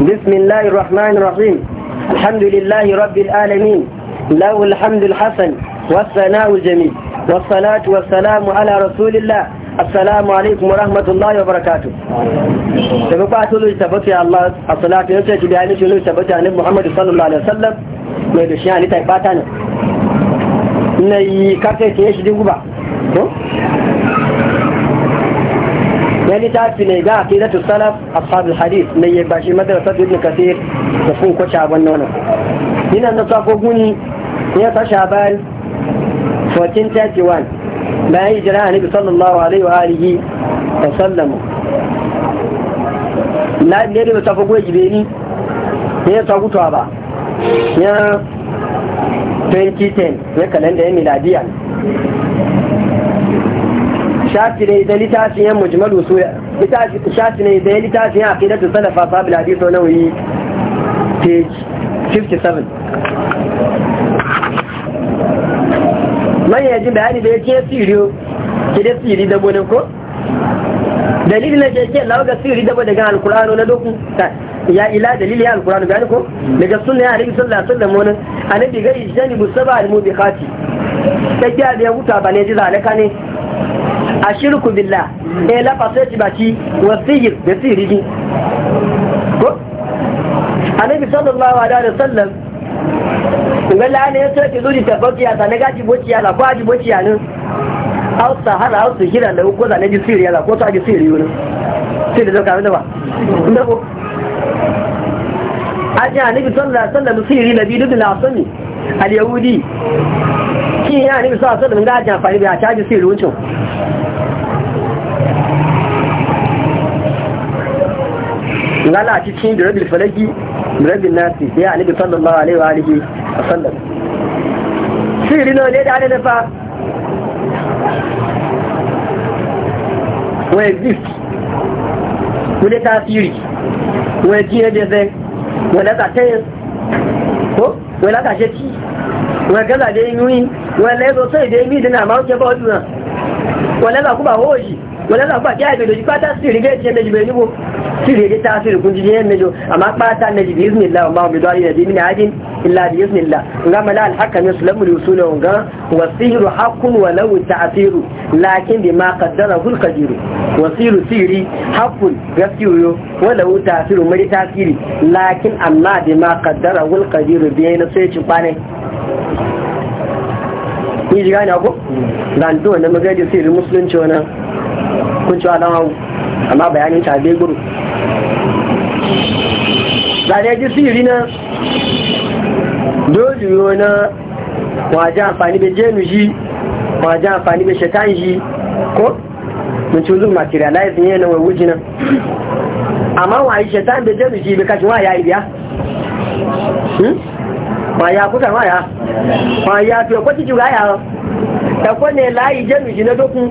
بسم الله الرحمن الرحيم الحمد لله رب العالمين له الحمد الحسن والثناء الجميل والصلاة والسلام على رسول الله السلام عليكم ورحمة الله وبركاته تبقى تقول يثبت يا الله الصلاة ينسى بيان شنو يثبت عن محمد صلى الله عليه وسلم ما يدشيان لتعباتنا ني كاكي تيش دي غبا na littafi ne ga fi zatu salaf ashabul hadith mai ya bashi da ibn kasir da sun kwace abin nono ina na sako guni ya ta shaban 1431 bayan hijira annabi sallallahu alaihi wa alihi wa sallam na ne da sako gwe jibeni ne ya sako to ba ya 2010 ya kalanda ya miladiya shafi ne da litafin yan mujmalu su shafi ne da litafin yan aqidatu salafa sabil hadith wa nawawi page 57 man yaji bayani da yake siriyo ke da siri da bonin ko dalilin da yake lauga siri da daga alqur'ano na doku ya ila dalili alqur'ano gani ko daga sunna ya alaihi sallallahu alaihi wasallam wannan annabi ga ijani busaba almubikati sai ya wuta ba ne ji zalaka ne a shirku billah eh la ba baki wa sihir da sihiri ko anabi sallallahu alaihi sallam ga lana ya sai zuci tafakiya ta na gaji bociya la aji bociya ne aw sahara aw sihira da ko ne ji siri la ko ta ji sihiri ne sai da ka da ba inda ko aji anabi sallallahu alaihi wasallam sihiri nabi dudul asami al yahudi shi ya annabi sallallahu alaihi wasallam ga aje amfani da ta ji sihiri wucin ngala ci cikin da rabin falaki nasi ya annabi sallallahu alaihi wa alihi wa sallam sirri no ne da ana nafa wa exist kule tasiri wa jiye da zai wa da ta ko wa la ka sheti wa gaza da yi wa la zo sai da yi dina ma ke ba wannan wa la ku ba hoji wa la ku ba ya da ji pata sirri ga ce da ji bai ni shirye da tasiri kun ji ne jo amma bata na jibi bismillah amma bi dali nabi min hadin illa bi bismillah ngama la al hakam yuslamu usul wa wa sihru haqqun wa law ta'thiru lakin ma qaddarahu al qadir wa sihru hakun haqqun gaskiyo wa law ta'thiru mari tasiri lakin amma bima qaddarahu al qadir bi na sai ci bane ni jiga ne ko dan to na magadi sirri musulunci wannan kun ci alama amma bayanin ta dai guru zane ji siri na dojiyo na waje amfani da jenu shi waje amfani da shekan shi ko mutum zuwa materialize ne na wawuji nan amma waye shekan da jenu shi bai kashi waya ibiya hmm? waya kusa waya waya fiye kwaci juga ya ɗakwane layi jenu shi na dokun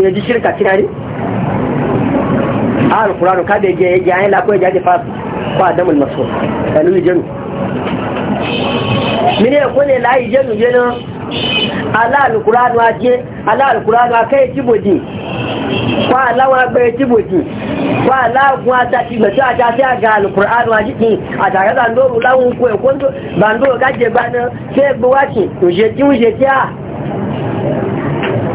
ya ji shirka cina ne a alkuranu ka da ya ji ayin ya ji fasu damar maso ɗanin jenu mini ya kone layi jenu jenu ala a ce ala a kai jiboji kwa alawa gbe jiboji kwa alagun atati gbẹ̀tọ́ àtàtí àga alùkùránù àjíkì àtàrà bàndóòrù láwọn òkú ẹ̀kọ́ bàndóòrù gájẹ̀ bá náà fẹ́ gbówáṣì òṣètí òṣètí à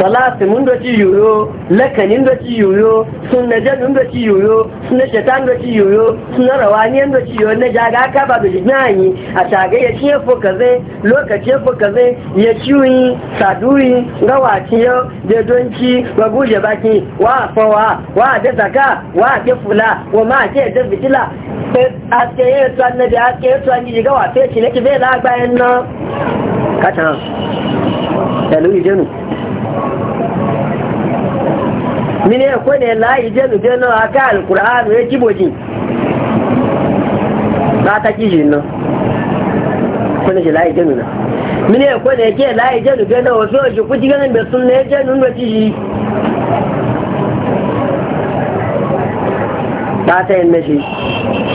salati mun doci yoyo lakanin doci yoyo sunna jadun doci yoyo sunna shaitan doci yoyo sunna rawaniyan doci yoyo na jaga aka ba da jinayi a shaga ya ciye fo kaze lokaci fo kaze ya ciwi saduyi gawa ciyo da donci ba guje baki wa fawa wa da zaka wa ke fula wa ma ke da fitila e, aske ya tsan na da aske ya tsan gidi gawa fe ne ki bai la bayan nan katan Hello, you mine ko ne layi jenu jenu aka alkur'anu ya kiboji ba ta kiji nan ko ne layi jenu na mine ko ne ke layi jenu jenu wasu ji kuji ganin da sun ne jenu da kiji ba ta yin nashi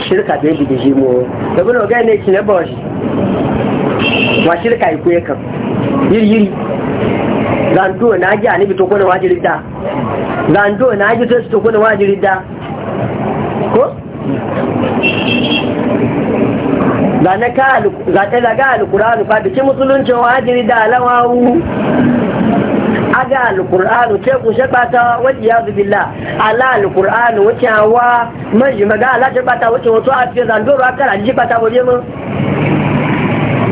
shirka ta yi shi mu da bin ogai ne shi na ba shi wa shirka yi kuye kan yiri yiri zando na ji anibi to kone wajirin da zando na ji to kone wajirin da ko zane ka daga alkur'anu fa bikin musuluncin wajiri da alawawu aga alkur'anu ce ku shaɓa ta wajen ya zubi la ala alkur'anu wace hawa manji maga ala shaɓa ta wace wato a fiye zandoro aka raji shaɓa ta waje mun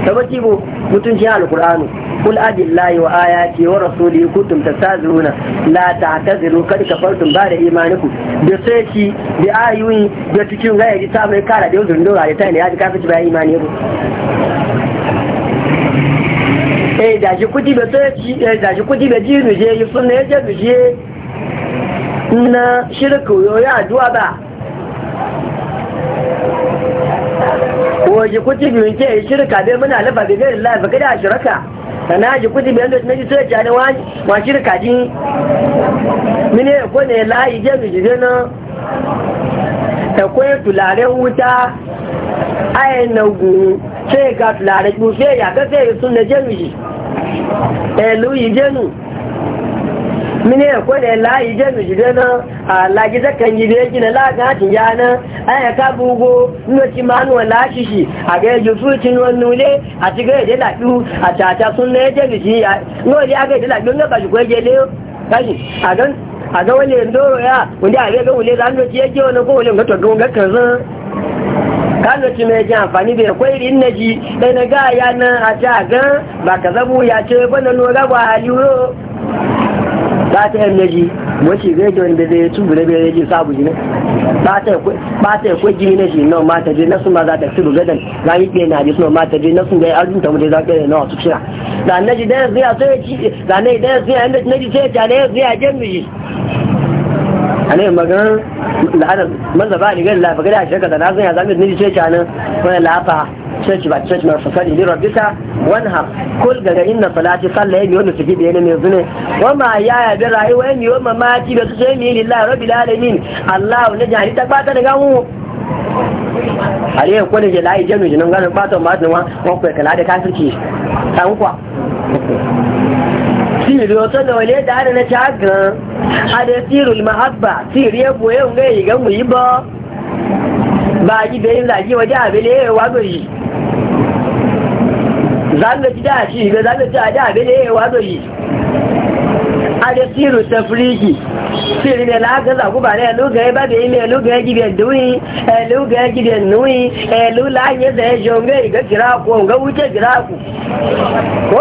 ta wace mutunci alqur'ani kul ajin layi wa ayati wa rasuli kutum ta tastaziruna la ta ta'taziru kad kafartum ba'da ba da da sai ki da ayoyi da cikin gaya ji ta mai kara da yau zurin dora da ta ne ya ji ci bayan imani ku eh da shi kudi ba sai ki eh, da shi kudi ba ji mu yi sunna ya je mu na shirku yo ya addu'a ba waje kuti biyun ke shirka bai muna lafa bai bai lillahi baka da shirka sana ji kuti biyun na ji sai ya wani wa shirka ji mine ko ne layi je mu jide na tulare wuta ayan na gu sai ga tulare ku sai ya ka sai sun na je ji e yi je mine ko ne layi je mi jide na a laji da kan yi be kina la ga ti ya na ay ka bugo no ti manu la shi shi a ga ju fu ti no nu le a ti ga de la du a ta ta sun ne je mi ji no le a ga de la du no ba ju ko je le ka shi a gan a ga wale ndoro ya wanda a ga wale zan do ti je wona ko wale ngato don ga kan zan kano ci mai ji amfani da kwai rin na ji ɗai na ga ya nan a ci a gan ba ka zabu ya ce ba na nora ba a ba ta yan naji wace gaji wanda zai tubu da bai sabu jini ba ta jini na shi nan mata je nasu ma za ta gadan za yi ɗaya na suna mata je nasu ga yi arzuta mu dai za ka yi nawa su cira da naji da ya zuya sai ya ci da naji da ya zuya naji sai ya ci da ya zuya jan miji ane magan la'anar maza ba ni gani lafa gada a shirka da na zan ya zamir ni ce ce nan wani lafa ce ba ce na fasari ni rabbika wani ha kul daga inna salati salla ya miyo nufi da yana mai zune wama ya ya bi rayuwa ya miyo mamaki da su ce mi lillahi rabbil alamin allah ne jani ta bata daga mu ale ya kwani je layi jami'in nan ganin bata ma ta wa kwaye kala da kafirci ta hukwa Sili da wata da wale da adana ta Ade sirul mahabba siri boye nga yi ga mu yi ba ba be da yin zaki waje abele wa gari zanga ji da shi ga zanga ji da abele wa gari ada sirul tafriki siri ne la ga zaku ba ne lu ga ba da yin e lu ga ji da duyi lu ga ji da nuyi e lu la ye da jonge ga kira ko ga wuce kira ko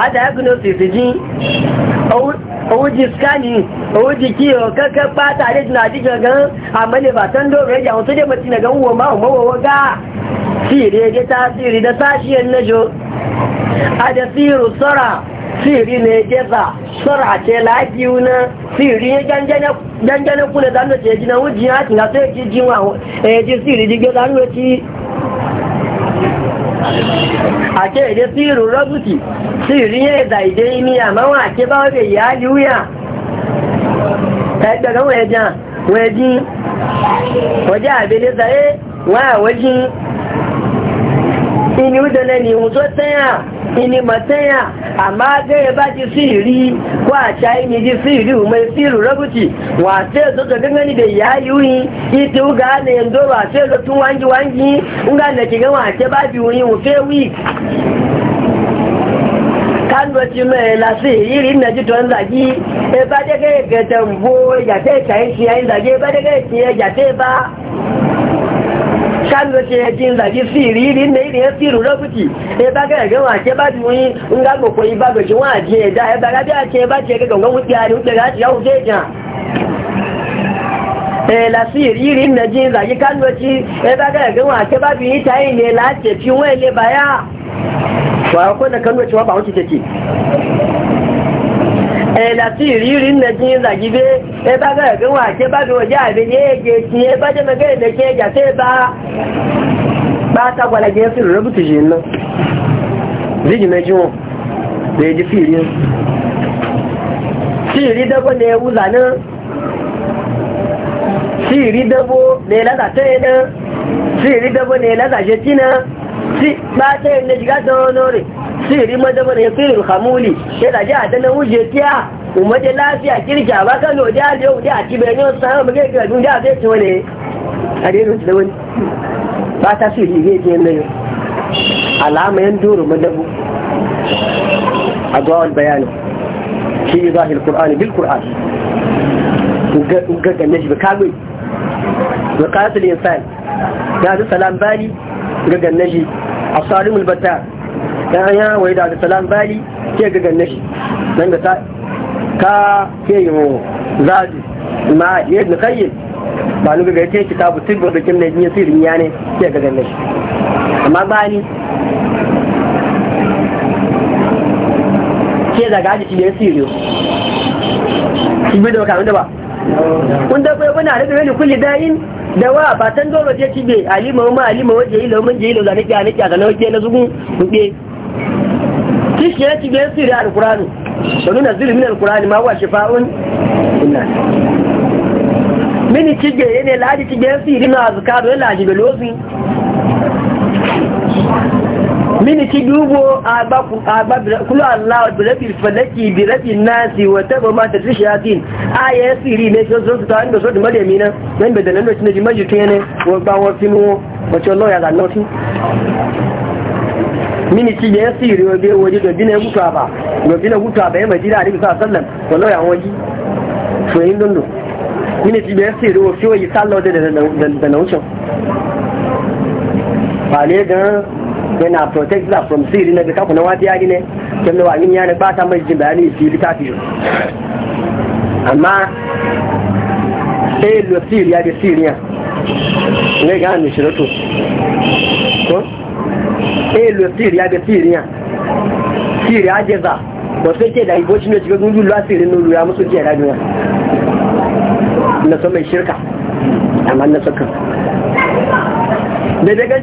a diagnosis ji oúnjẹ scanning oúnjẹ kí o kankan pátá àdéjìnà àdíjọ gan àmọ́lẹ̀bàtán lóòrò ẹjà àwọn tó dé mọ̀tí nà gan wọ́n máa mọ́wọ́wọ́ gáà sí ìrẹ́gẹ́ tá sọ́ra na ẹgẹ́fà sọ́ra àti ẹ̀láàjíú ná siri ìrí jẹ́jẹ́ dánú a ce da sirrin rabuti sirrin ya daidai miya mawa ke ba da ya yi wuya ta yi daga wajen wajen wajen abin ini wíjọ lẹ́ni ohun tó tẹ́yàn ini mọ̀ tẹ́yàn àmá gẹ́gẹ́ bá ti sí ìrí kó àṣà ini ti sí ìrí òun sí ìrù rọ́bùtì wà tẹ́ òtútù gẹ́gẹ́ níbi ìyá yúyìn ìtì ń ga lè ń dóró àṣẹ ìlú tún wáńjí wáńjí ń ga lè wọn àṣẹ bá bí òun fẹ́ wí. kánú ti mẹ́ ẹ̀ lásì ìrírí nàìjí tó ń làjí ẹbá dẹ́gẹ́ gẹ̀ẹ́tẹ̀ ń bó ẹjà tẹ́ kan da ce yakin zaji siriri ne da ya siru rabuci ya ba ga ga ke ba ji wani yi ga ji wa je da da ce ba ce ga gangan ja ga ke yi ne wani wuce ẹ̀dà tí ìrírí nà tí ń ẹbá bẹ̀rẹ̀ kí wọ́n àti ẹbá bí wọ́n jẹ́ àbí ní èjè jẹ́ mẹ́gẹ́ ìdẹ̀ ẹjà tí ẹbá bá tagbàlá sí rẹ̀ yìí ná ríjì mẹ́jú wọn lè jí siri madaba ya sihiri hamuli ya da ji a dana wuje tiya kuma da lafiya kirki ba kan da yau da a cibiyar yau sa mu ga ga duniya zai ci wani a dai da wani ba ta su ne ji nan yau alama yan duru madabu a gawar bayani shi al qur'ani bil qur'an ga ga ne shi ba kagwai wa qatil insan ya da salam bali ga gannaji asalimul batta dan an wai da salam bali ke ga ganna shi dan da ka ke yi mu zadi ma ya ibn kai ba ni ga ce kitabu tibbu da kin da yin sirrin ya ne ke ga ganna shi amma bani ke da gaji shi ya sirri shi bi da da ba kun da kwaye kuna rage wani kulli yin da wa ba tan dole je ci be alima ma alima waje yi lauman je yi lauzaniki a niki a ganin na zugun kuɗe ke yake bai sirri alkurani domin na min alkurani ma wa shifa'un inna mini cigbe yana ladi cigbe sirri na azukado yana ajibelosi mini ki dubo kulu Allah birafi falaki birafi nasi wata ba ma tafi shayatin a ya ne shi zo ta inda so da madami nan nan da nan da shi ne jimaji ne wa ba wa finu wacce Allah ya zanna shi miniti da e ya siri wa waje da bina guta ba da bina guta ba ya madina a rikisa sallan wallahi dundu miniti da ya siri wa fiye yi sallan da na wucin ba ne yana protect from siri na bika kuna wata yari ne kyan da wa'in yana ba ta mai jin bayani ta amma sai lo siri ya da siri ya ne ga mishiratu èèlò tíìrì àgbẹ̀ tíìrì yàn tíìrì àjẹsà bọ̀sẹ̀ kí ẹ̀dà ìbò ṣínú ìṣẹ́gbẹ́ gúnjú lásìrì ní olùyà mú sókè na mai shirka amma kan da daga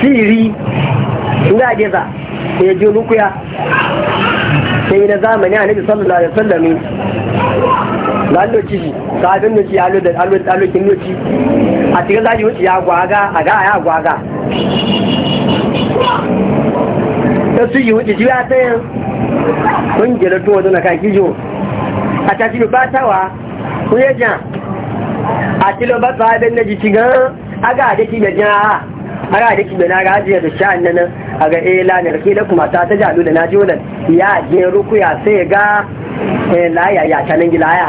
siri ya ji rukuya sai na zamani a sallallahu alaihi wasallam laloci shi sabin noci ya lodar alokin noci a cikin zaji wuce ya gwaga a ga ya gwaga ta su yi wuce ji ya tsayin kun gina to wadda kan kijo a ta cikin kun yi jan a cikin ba sabin na ji cigan a ga a da kibiyar jan a ara da kibiyar na rajiyar da sha'an nan a ga eh lanar ke da kuma ta ta jalo da na ji wadda ya je rukuya sai ga eh laya ya ta nan gilaya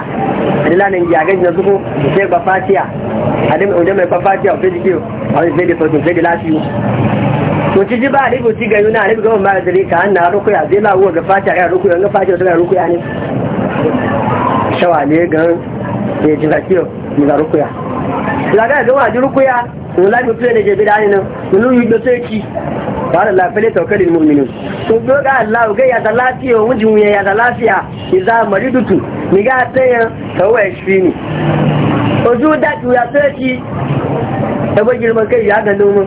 adila nan ya gaji na zuko sai ba adim uje mai ba o fedi kiyo a fedi fasu fedi lafiyu to ci ji ba a rigo ci gayu na rigo gaban mara zare ka hannu ruku ya zai lawuwa ga fatiya ya ruku ya fatiya ta ruku ya ne shawa ne gan ya eh, ji ga kiyo ni ga ruku ya laga ga wa ji ruku ya ko la mi tuye ne je bi da ni nan ko lu yi do sai ci قال الله فليتوكل Sun zo doga Allah ga ya da lafiya wujin ya da lafiya idza maridutu ni ga tayan kawai shi ne. oju da ya sai da girma kai ya ga mu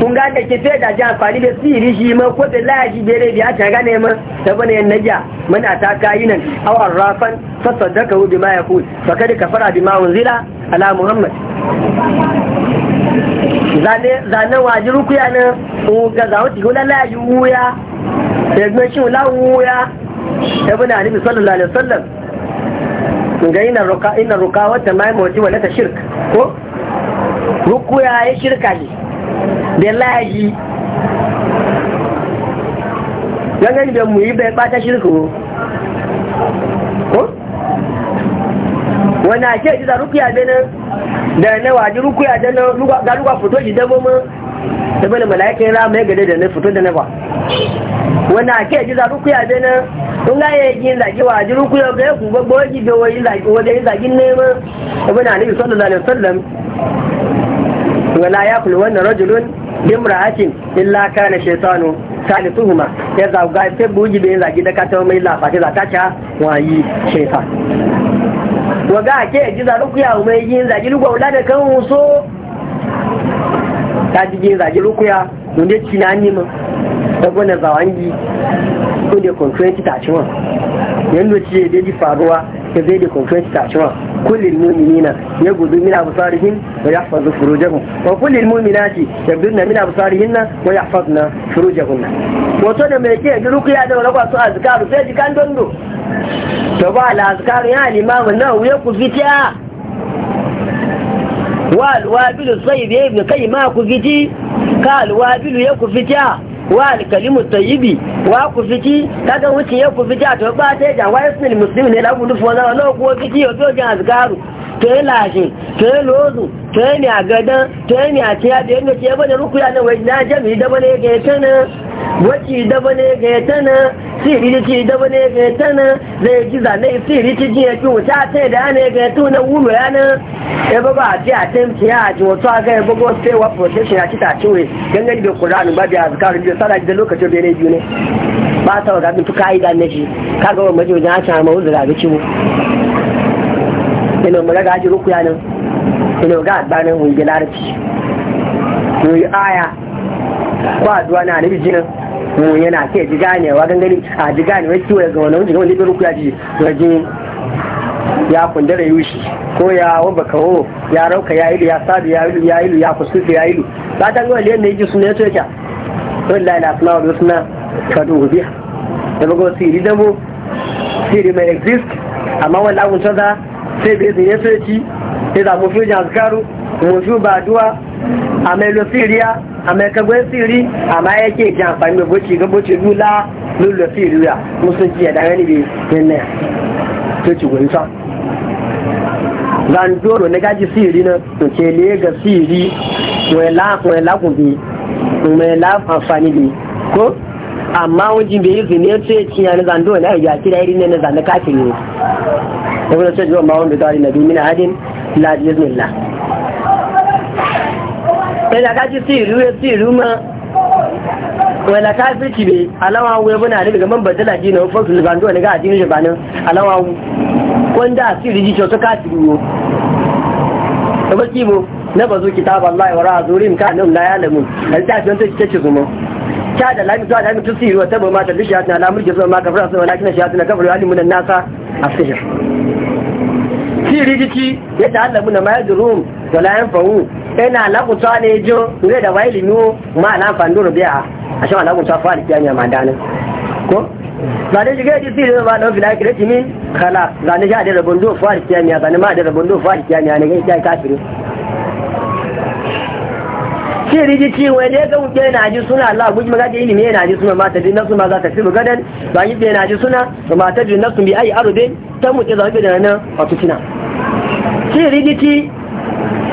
kun ga da ke sai da ji amfani da siri shi ma ko da laji bere da ta gane ma da bane yan naja muna ta kayi nan aw arrafan fa saddaka bi ma yaqul fa kad kafara bi ma unzila ala muhammad zane waji rukuya na ga zawon cikin lalaya yi wuya da gbe shi wula wuya ya bi na alibi sallallahu alaihi wasallam ga ina ruka ina ruka wata mai mawuci wala ta shirk ko rukuya ya shirka ne da laji gani da mu yi bai bata shirka ko wani ake ji da rukuya benin da na waje rukuya da na ga ruwa fito shi da mu da bane malaikai ra mai gade da na fito da na ba wannan ake ji za rukuya da na kun ga ya yi zaki waji rukuya ga ku kuma goji da wani zaki wanda ya zaki nema da bane annabi sallallahu alaihi wasallam wala yakul wannan rajulun bimra'atin illa kana shaytanu salisuhuma ya ga sai buji da yin zaki da ka ta mai lafa ta ta wayi shaytan wọ̀gá àti ẹ̀jíza ló kúyà ọmọ èyí ń zàjí lúgbọ̀ da kan ń ta láti jí ń zàjí ló kúyà lóde tí na ní mọ́ ẹgbọ́n na bàwá ń yí ó de kọ̀ǹtúrẹ́ntì tàṣí wọn yẹn ló ti èdè di faruwa ta zai da kọ̀ǹtúrẹ́ntì tàṣí wọn kullum mu'minina ya gudu min abu absarihim wa ya yahfazu furujahum wa kullum mu'minati yabduna min abu na wa ya na yahfazna furujahunna wato da mai ke rukuya da wani kwasu azkaru sai jikan dondo da ba al'azkar ya limamin na wuya ku fitiya wa alwabilu sayyid ya ibn kai ma ku fiti ka alwabilu ya ku fitiya wa alkalimu tayyibi wa ku fiti kaga wuce ya ku fitiya to ba ta jan wa isnil muslim ne la gudu fona na ku fiti yo to jan azkaru to yi lashe to yi lozu to yi a gadan to yi a ciya da yadda ke bane rukuya na wai na jami'i da bane ga ya tana wacce da bane ga ya tana siri da ci da wani ga tana zai giza zane siri ci ji ya ki wuta ta da ana ga to na wulu ya na ya e ba ba ji a temci ya ji wato a ga e ya bugo sai wa protection ya ci ta ci we gangan da Qur'an ba da azkar da sala da lokacin da ne biyu ba ta ga bin kai da ne ji kaga wa majojin a ta ma uzura ga ciwo ina mu ga ji ruku ya nan ina ga adbanin wungilarci ko aya ko aduwa na bi jinan ko yana ce ji ganewa gangani a ji ganewa ciwo ga wani wajen wani ɗin ya ji wajen ya kundare yushi ko ya wamba kawo ya rauka ya ilu ya sabi ya ilu ya ilu ya kusurfi ya ilu ba ta gawa liyan da yake suna ya wani wallahi na suna wani suna kadu biya da bago siri damo siri mai exist amma wani abun canza sai bai zai ya soke sai da mafi jan mu mafi ba duwa a mai losiriya a mai kagwai siri amma yake ke amfani da boci ga boci lula lula siri ya musulci ya dangane bai yana ya to ci gwen sa zandoro na gaji siri na ke le ga siri wai la wai la gobe amfani bi ko amma wajen bai yi zine ce ci yana zandoro na ya kira ne na zanda kafin ne. Ibn Sajjwa ma'un bi tawari na bi min hadin lajiyar bismillah. ẹ̀là ká jí sí ìlú aka ìlú mọ́ wẹ̀là ká sí kìbè aláwọ̀ awo ẹbọ́n àdébì gẹ́gẹ́ mọ́ bẹ̀tẹ́lá jí náà fọ́sùn lùbàndó ẹ̀ nígbà àdínú ṣẹ̀bà náà aláwọ̀ awo wọ́n dá sí ìlú jíjọ tó káàkiri wo ẹbọ́ kí bo nẹ́bọ̀ tó kìtà bá láì wọ́rọ̀ àzórí nǹkan náà láyà lẹ́mú ẹ̀ tí a zuma. ń tó ṣiṣẹ́ ṣùgbọ́n mọ́ ta da lami zuwa lami tusi wa tabo ma ta na lamur jizo ma kafara sun walakin shi na kafara alimu nan nasa asir fi rigici ya ta'allamu na mayar da rum da layan ina lakuta ne jo ne da wai limi ma na fanduru biya a shi lakuta fa da kiyanya ma danin ko zane shi gaji sirri ba don fila kire timi kala zane shi a da rabon do fa da kiyanya zane ma da rabon do fa da kiyanya ne gaji kai kafiri sirri ji ci wai ne ga wuce na ji suna Allah guji magaji ilimi yana ji suna mata ji nasu ma za ta fi gadan ba yi na ji suna ba mata ji nasu bi ai arubin ta mutu zaɓi da nan a tutina sirri ji ci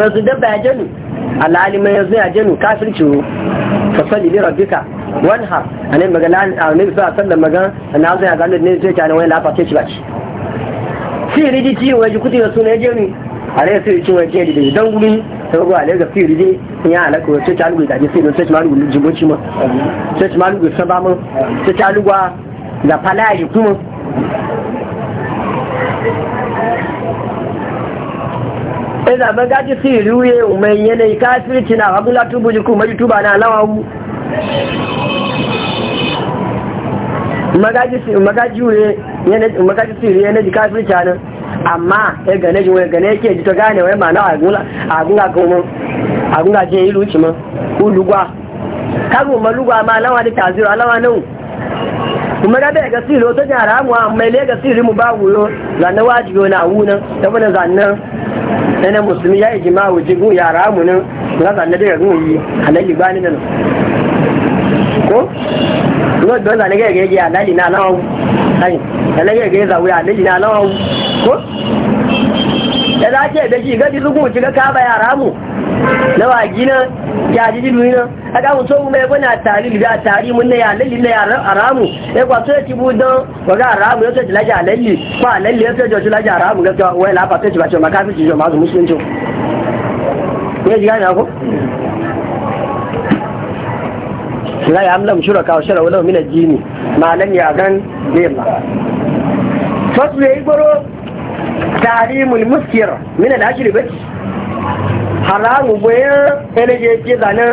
yanzu dabba ya janu al'alimai yanzu ya janu kafin kafirci fasali ne rabbika wani har a ne magana a ne a sallan magana a na zai a zanen ne zai tana wani lafa ce ci fi ya waje kuti da suna ya janu a ne sai waje da gumi a lega fi ya alaka wace ta sai don sai malugu ma sai malugu sai ta da kuma da maga ji siri wuye mai yanayi kafirci na tubu na magaji siri yana ji kafirci amma ya gane ji gane yake ji ta gane mana kuma agunga je ilu ci ku lugwa kagu ma lugwa ma da alawa nan kuma ga wata jara mu mai mu ba wuyo wajibi wani ta wani ɗana musulmi ya yi jima wuce gun yara mu nan ga zanne daga gun yi halalli ba ni nan ko no don zanne ga ga ya halalli na lawan ai halalli ga ya zawo ya halalli na lawan ko da za ke da shi gadi zugun shiga ka ba yara mu na wagi na ya ji na a ga mutum mai tari da tari mun na na aramu ya kwaso ya don waga aramu ya laji alalli ko alalli ya laji aramu wai lafa ba ce ci jo masu musulunci ya ji ya shara wala jini ya gan fasu تعليم المسكر من بس حرام بيا أنا جيتي أنا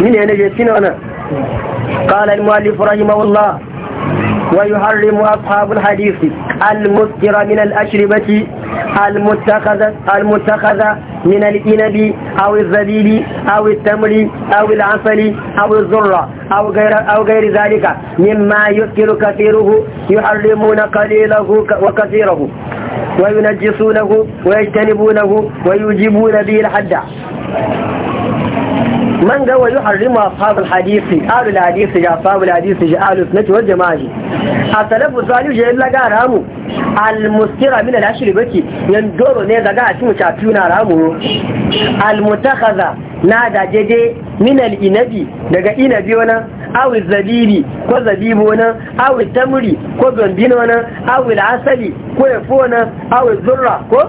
من أنا جيتي أنا قال المؤلف رحمه الله ويحرم أصحاب الحديث المسكر من الأشربة المتخذة, المتخذة من الإنب أو الزبيب أو التمر أو العسل أو الذرة أو غير, أو غير ذلك مما يسكر كثيره يحرمون قليله وكثيره وينجسونه ويجتنبونه ويجيبون به الحد man ga wayu harima ashabul hadisi alul hadisi ya ashabul hadisi ya alul sunnati wal jama'i asalafu salihu ya illa ga ramu al muskira min al ashri baki yan doro ne daga a cikin chatuna ramu al mutakhadha na da jede min al inabi daga inabi wana aw zabibi ko zabibu wana aw tamri ko gambino wana aw al asali ko yafo wana aw zurra ko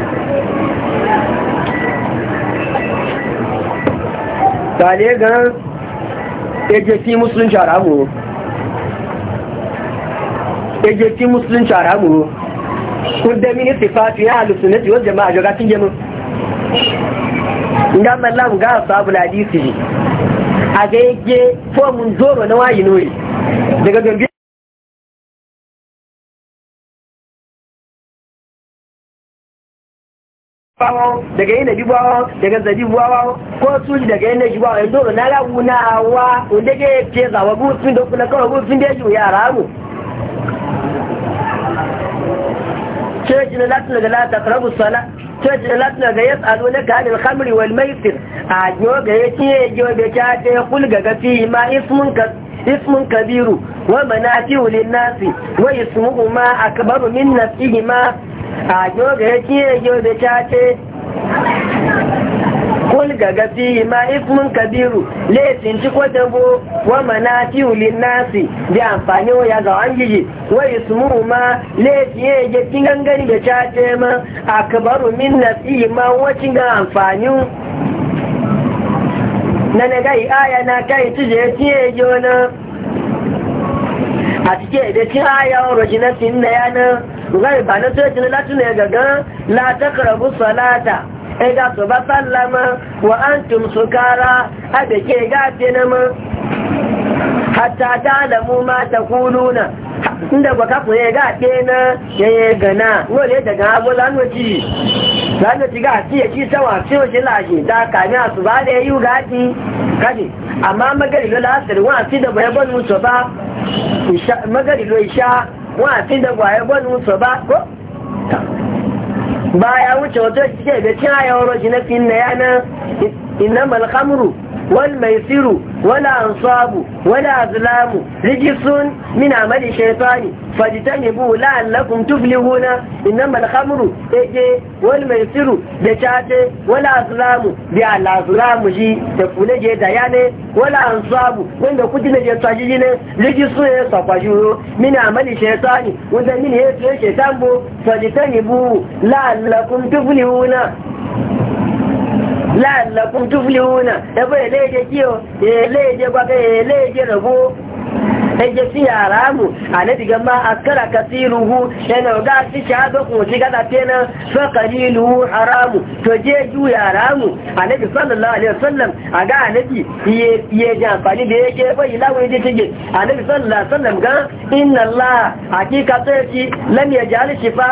ba ne gan ejeti musulunci haramu ejeti musulunci haramu kudda minisi fati ya halittu na tiyo jama'a joga tun gemu ga mallam ga sabu ladisi a ga yake fomun zoro na wayi nori daga gambi bawo daga yin nabi bawo daga zabi bawo ko su daga yin nabi bawo yanzu na lagu na awa wanda ke ke zawa gutsun da kula kawai gutsun da yake yara mu church na latin daga la taqrabu sala church na latin daga yas'alunaka 'anil khamri wal maisir a yo ga yake yo ga ta ta kulga ga fi ma ismun ka اسم كبير ومنافع للناس واسمهما أكبر من نفسهما أجوغ هكي هكي kul gaga fihi ma ismun kabiru laifin ci ko dabo wa manatiu lin nasi da amfani ya ga wangiji wa ismu ma laifin ya je tingangani da chace ma akbaru min ma wacin ga amfani na na gai aya na kai tuje ya tiye jona a cike da cin aya wa rajinatin na na gai ba na tsoci na latin ya gaga la ta salata ai ga su ba sallama wa an tum sukara a da ke gafe na ma hatta ta mu ma ta kuluna inda ba kafin ya gafe na ya yi gana wale daga abu lanuci ranar shiga a ciye ci sama ce wace lashe da kami a su ba da ya yi gaji kaji amma magarilo lasir wa fi da bai banu su ba magarilo isha wa fi da bai banu su ba ko ba ya wuce wato shi ke da cin ayawar shi na fi na yana inna malhamuru wani mai siru wani ansa abu wani min amma da shaitani bu la alaƙun tufi ni ina ma al-khamru da ite wani mai siru da shate wani da al-azurama shi ta kule zai yi a nan wani ansa abu wani da kuje na zai tsaya min amma da shaitani wani bu faɗi bu la alaƙun tufi la'allakum wuna da bai laije kiyo ya laije baka ya laije rabo ẹjẹ sí àràmù àlébìgẹ máa sí ẹnà ọ̀gá sí ṣàádọ́kùn òjí gádà tí ẹnà fẹ́kàlì ní àràmù tó jẹ́ jù tó jẹ́ àǹfààní bí ẹjẹ́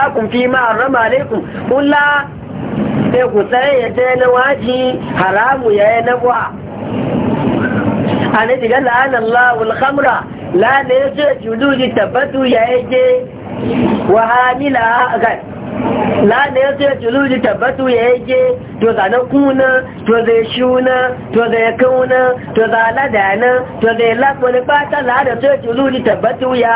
ẹgbẹ́ sai ku tsaye ya je na waji haramu ya yi na kwa. a na diga la'anar la'ul khamra la'ana ya ce juluji tabbatu ya yi wa hamila a ya ce juluji tabbatu ya yi to za na kuna to to to za to fata la'ana ya ce juluji tabbatu ya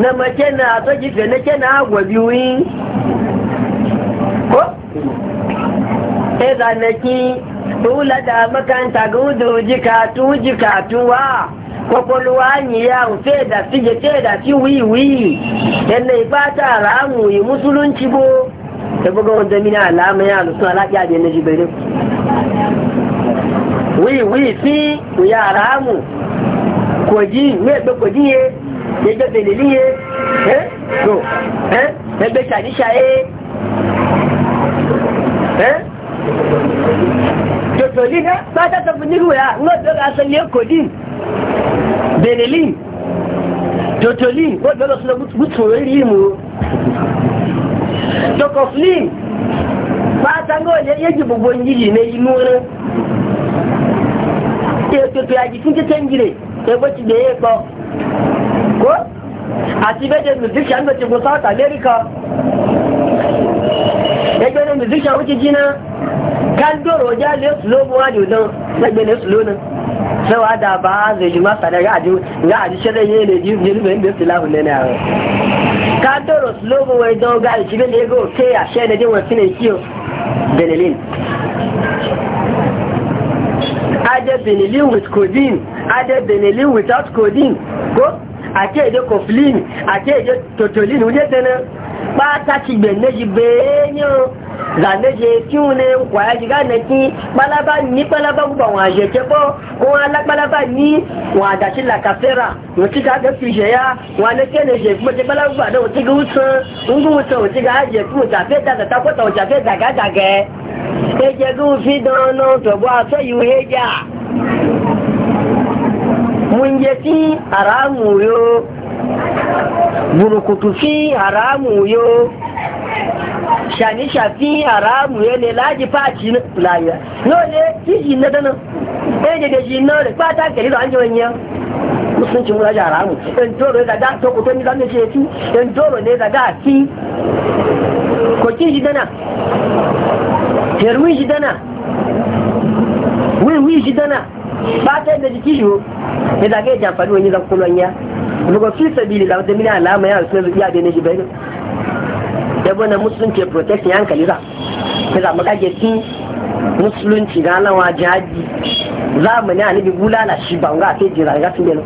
na mace na to gife na ke na agwa biyu yi ko e zanaki tula da makanta ga wudu jikatu jikatuwa kwakwalwa ni ya fe da fije fe da fi wiwi yadda e ibata ramu yi musulunci bo da e buga wanda mina alama ya lusun alaƙiya da na jibirin wiwi fi ya ramu kogi ní ba kogi yẹ ẹgbẹ́ bèlèlì yẹ ẹ́ tó ẹ́ ẹgbẹ́ ṣàdíṣà yẹ ẹ́ tòtòlì náà pátátọ̀ fún nígbò yá ń gbọ́dọ̀ asẹ́lẹ̀ kogi bèlèlì tòtòlì gbọ́dọ̀ lọ́sọ̀rọ̀ gúúsù orí ìmú tokofli pátángọ́ yẹ́jì gbogbo yìí ní inú rẹ̀ ètò ìpìlàjì fún títẹ́ ẹgbẹ́tì lè pọ̀ kó àti bẹ́jẹ̀ musician ló ti gùn south america ẹgbẹ́ ní musician ó ti jíná kándòrò ọjá lè sùló wá jù náà lẹ́gbẹ̀ẹ́ lè sùló náà sẹ́wọ́ àdàbà àzèjì má sàdẹ̀ ṣẹlẹ̀ yé lè jíjú nínú ẹgbẹ́ sí láhùn lẹ́nà rẹ̀ kándòrò sùló mú wá ìdánwò ṣẹlẹ̀ yé gò ké àṣẹ ada benelin with codeine ada benelin without codeine ko ake ede coflin ake ede totolin wuje tana pata ti gbe neji benyo za neje tiun ne nkwa ya jiga ne ki palaba ni palaba gba wọn aje kebo ko ala palaba ni wọn adashi lakafera, kafera wọn ti ga gafi je ya wọn ale ke ne je gbo te palaba gba don ti ga usan ngu usan o ti ga aje ku ta fe ta ta ko ta o ja daga daga ẹ̀jẹ̀ kí n fi dán náà tọ̀bọ̀ àṣọ ìwé ẹ̀jà mo ń haramu sí àràmù fi haramu sí ṣàníṣà sí àràmù yóò lè láàjì páàkì láyà yóò lè tí yìí náà dáná ẹ̀jẹ̀ kejì náà rẹ̀ pátá kẹ̀lé lọ́wọ́ àjọ ìyẹn musulunci muna jara mu ne daga to kuto ni zamu ce ti in ne daga ti ko ki shi dana yarwi shi dana wiwi shi dana ba ta yadda jiki shi ya zaga ya jamfani wani zan kulon ya daga fi sabili da wata mini alama ya suna zuciya da ne shi bai da bana musulunci protection ya hankali za ya zama kage sun musulunci ga alawa jihadi zamani anabi bulala shi ba ga sai jira ga sun gelo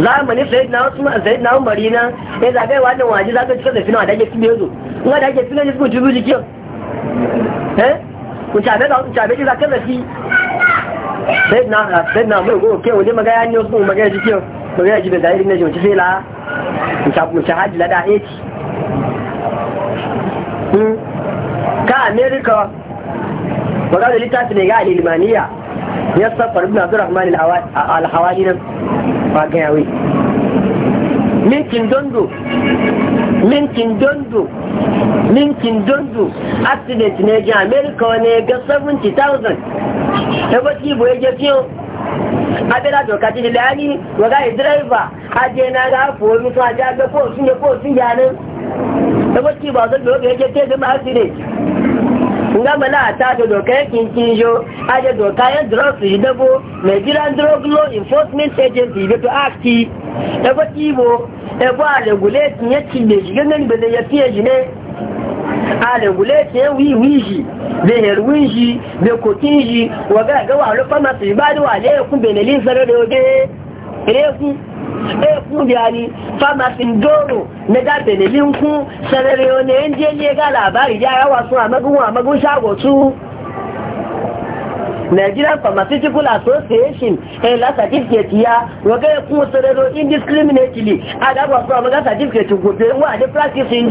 zamani sai na usman sai na umari na ya zaga wannan waje za ka cika da fina da ke fiye zo in da ke fiye zo ku tuzu eh nchabe ji zaka lafi sai na sai na mai goke wani magaya ne wasu magaya ji kiyo magaya ji da zahiri na jimaci sai la nchabu nchahaji lada eti ka america waga da littafi ne ga alilmaniya ya safar ibn abdurrahman alhawali nan ba ga yawe minkin dondo minkin dondo ninkin dundu accident ne ji amerika wane ga 70,000 ẹgbẹ́ tí ìbò ẹjẹ́ tí ó abẹ́lá tọ̀ka ti dìlẹ̀ ní wọ̀gá ìdírẹ́ìvà ajé náírà fò omi fún ajá gbé kó òsún yẹ kó òsún yà ní ẹgbẹ́ tí ìbò ọ̀sán gbèrò ẹjẹ́ tí ẹgbẹ́ a sílẹ̀ ngámẹ́lá àtàjọ dọ̀ka ẹ̀kìn kí n yó ajé dọ̀ka ẹ̀ dọ́ọ̀sì ìdẹ́gbó nigerian drug law enforcement agency ìgbẹ́tọ̀ act ẹgbẹ́ e ya ìbò ẹgbẹ́ àrẹ̀gùlẹ̀ ẹ̀kìn yẹn ti lè ṣìgẹ́gẹ́ níbẹ̀lẹ̀ ne. ale gule ce wi wiji be her wiji be kotinji wa ga ga wa lo fama ti ba wa le ku be ne li fere de oge e ku e ku bi ani fama tin doro ne ga be ne li ku sere re o ne nje le ga labari ja ya wa sun amagun amagun shago tu Nigerian Pharmaceutical Association eh la certificate ya waga kun sarero indiscriminately aga ba so amaga certificate gobe wa de practice in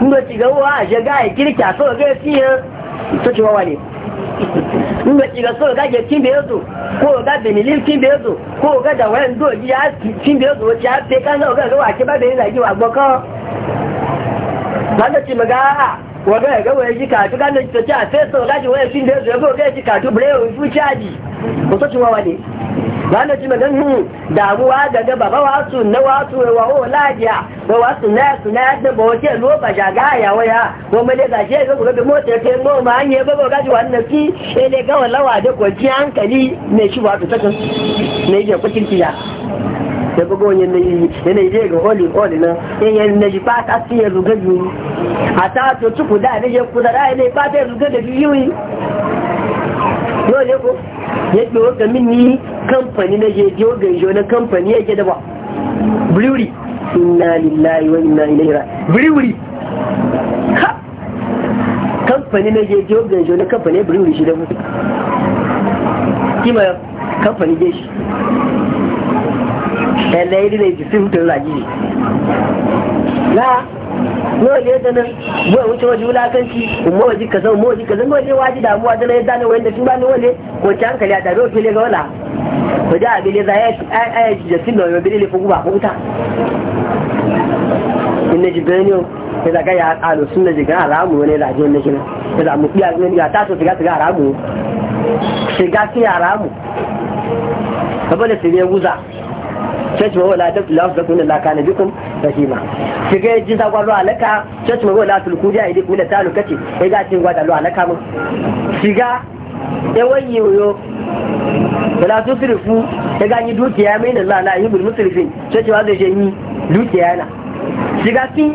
ndo ci gawa a shiga ya so ga fiye to ci wawa ne so ga ya kin zo ko ga benilin kin da zo ko ga da wayan do ya kin da zo ci a sai kan ga ga wa ki ba da zagi wa wanda ci maga a ga ah, waye ji katu kan da ci a sai so ga ji waye zo ko ga ji katu bre o fu ko ci wawa ne wanda ji magan hu damuwa da gaba ba su na su wa o lajiya ba su na su na da ba wace ja ga ya waya ko mai da je ga gura da mota ke mo ma anye ba ba ji wannan ki sai dai ga walawa da ji hankali ne shi ba ta kan ne je kwakin tiya da bugo ne ne ne je ga oli holi na yan ne ji ba ta siya ruga ju a ta to tuku da ne je kudara ne ba ta ruga da juyi dole ne ko ya ɗi waka mini kamfani na je je ga ijo na kamfani ya ke da ba ina inna lillahi wa ina ilaihi ra brewery ha kamfani na je je ga ijo na kamfani ya buriwuri shi da mutu kima kamfani je shi ɗan da ya dina ji sun tun rajiji na nawa ne da nan mai wuce waje wulakanci kuma waje kaza kuma waje kaza nawa ne waje damuwa da na yadda na wanda tun ba ni wale ko ci hankali a da bai fili ga wala ko da abin da ya ci ai ci da shi, da wani bin ilifin guba ko wuta in na ji benio ya zaga ya alo sun na jigan alamu ne da ajiyar na kina ya zamu iya ganin ya taso shiga shiga alamu shiga shiga alamu kaba da siriyar guza sai ci wa wala da lafi da kunan lakana bikin rahima ki ga ji da gwalo alaka ce ci mago la tulku ja idi kula ta lokaci kai ga cin gwada lo alaka mu ki ga e wayi yo wala tusrifu ta ga ni dukiya mai nan la la yibul musrifin ce ci wa da je ni dukiya na ki ga kin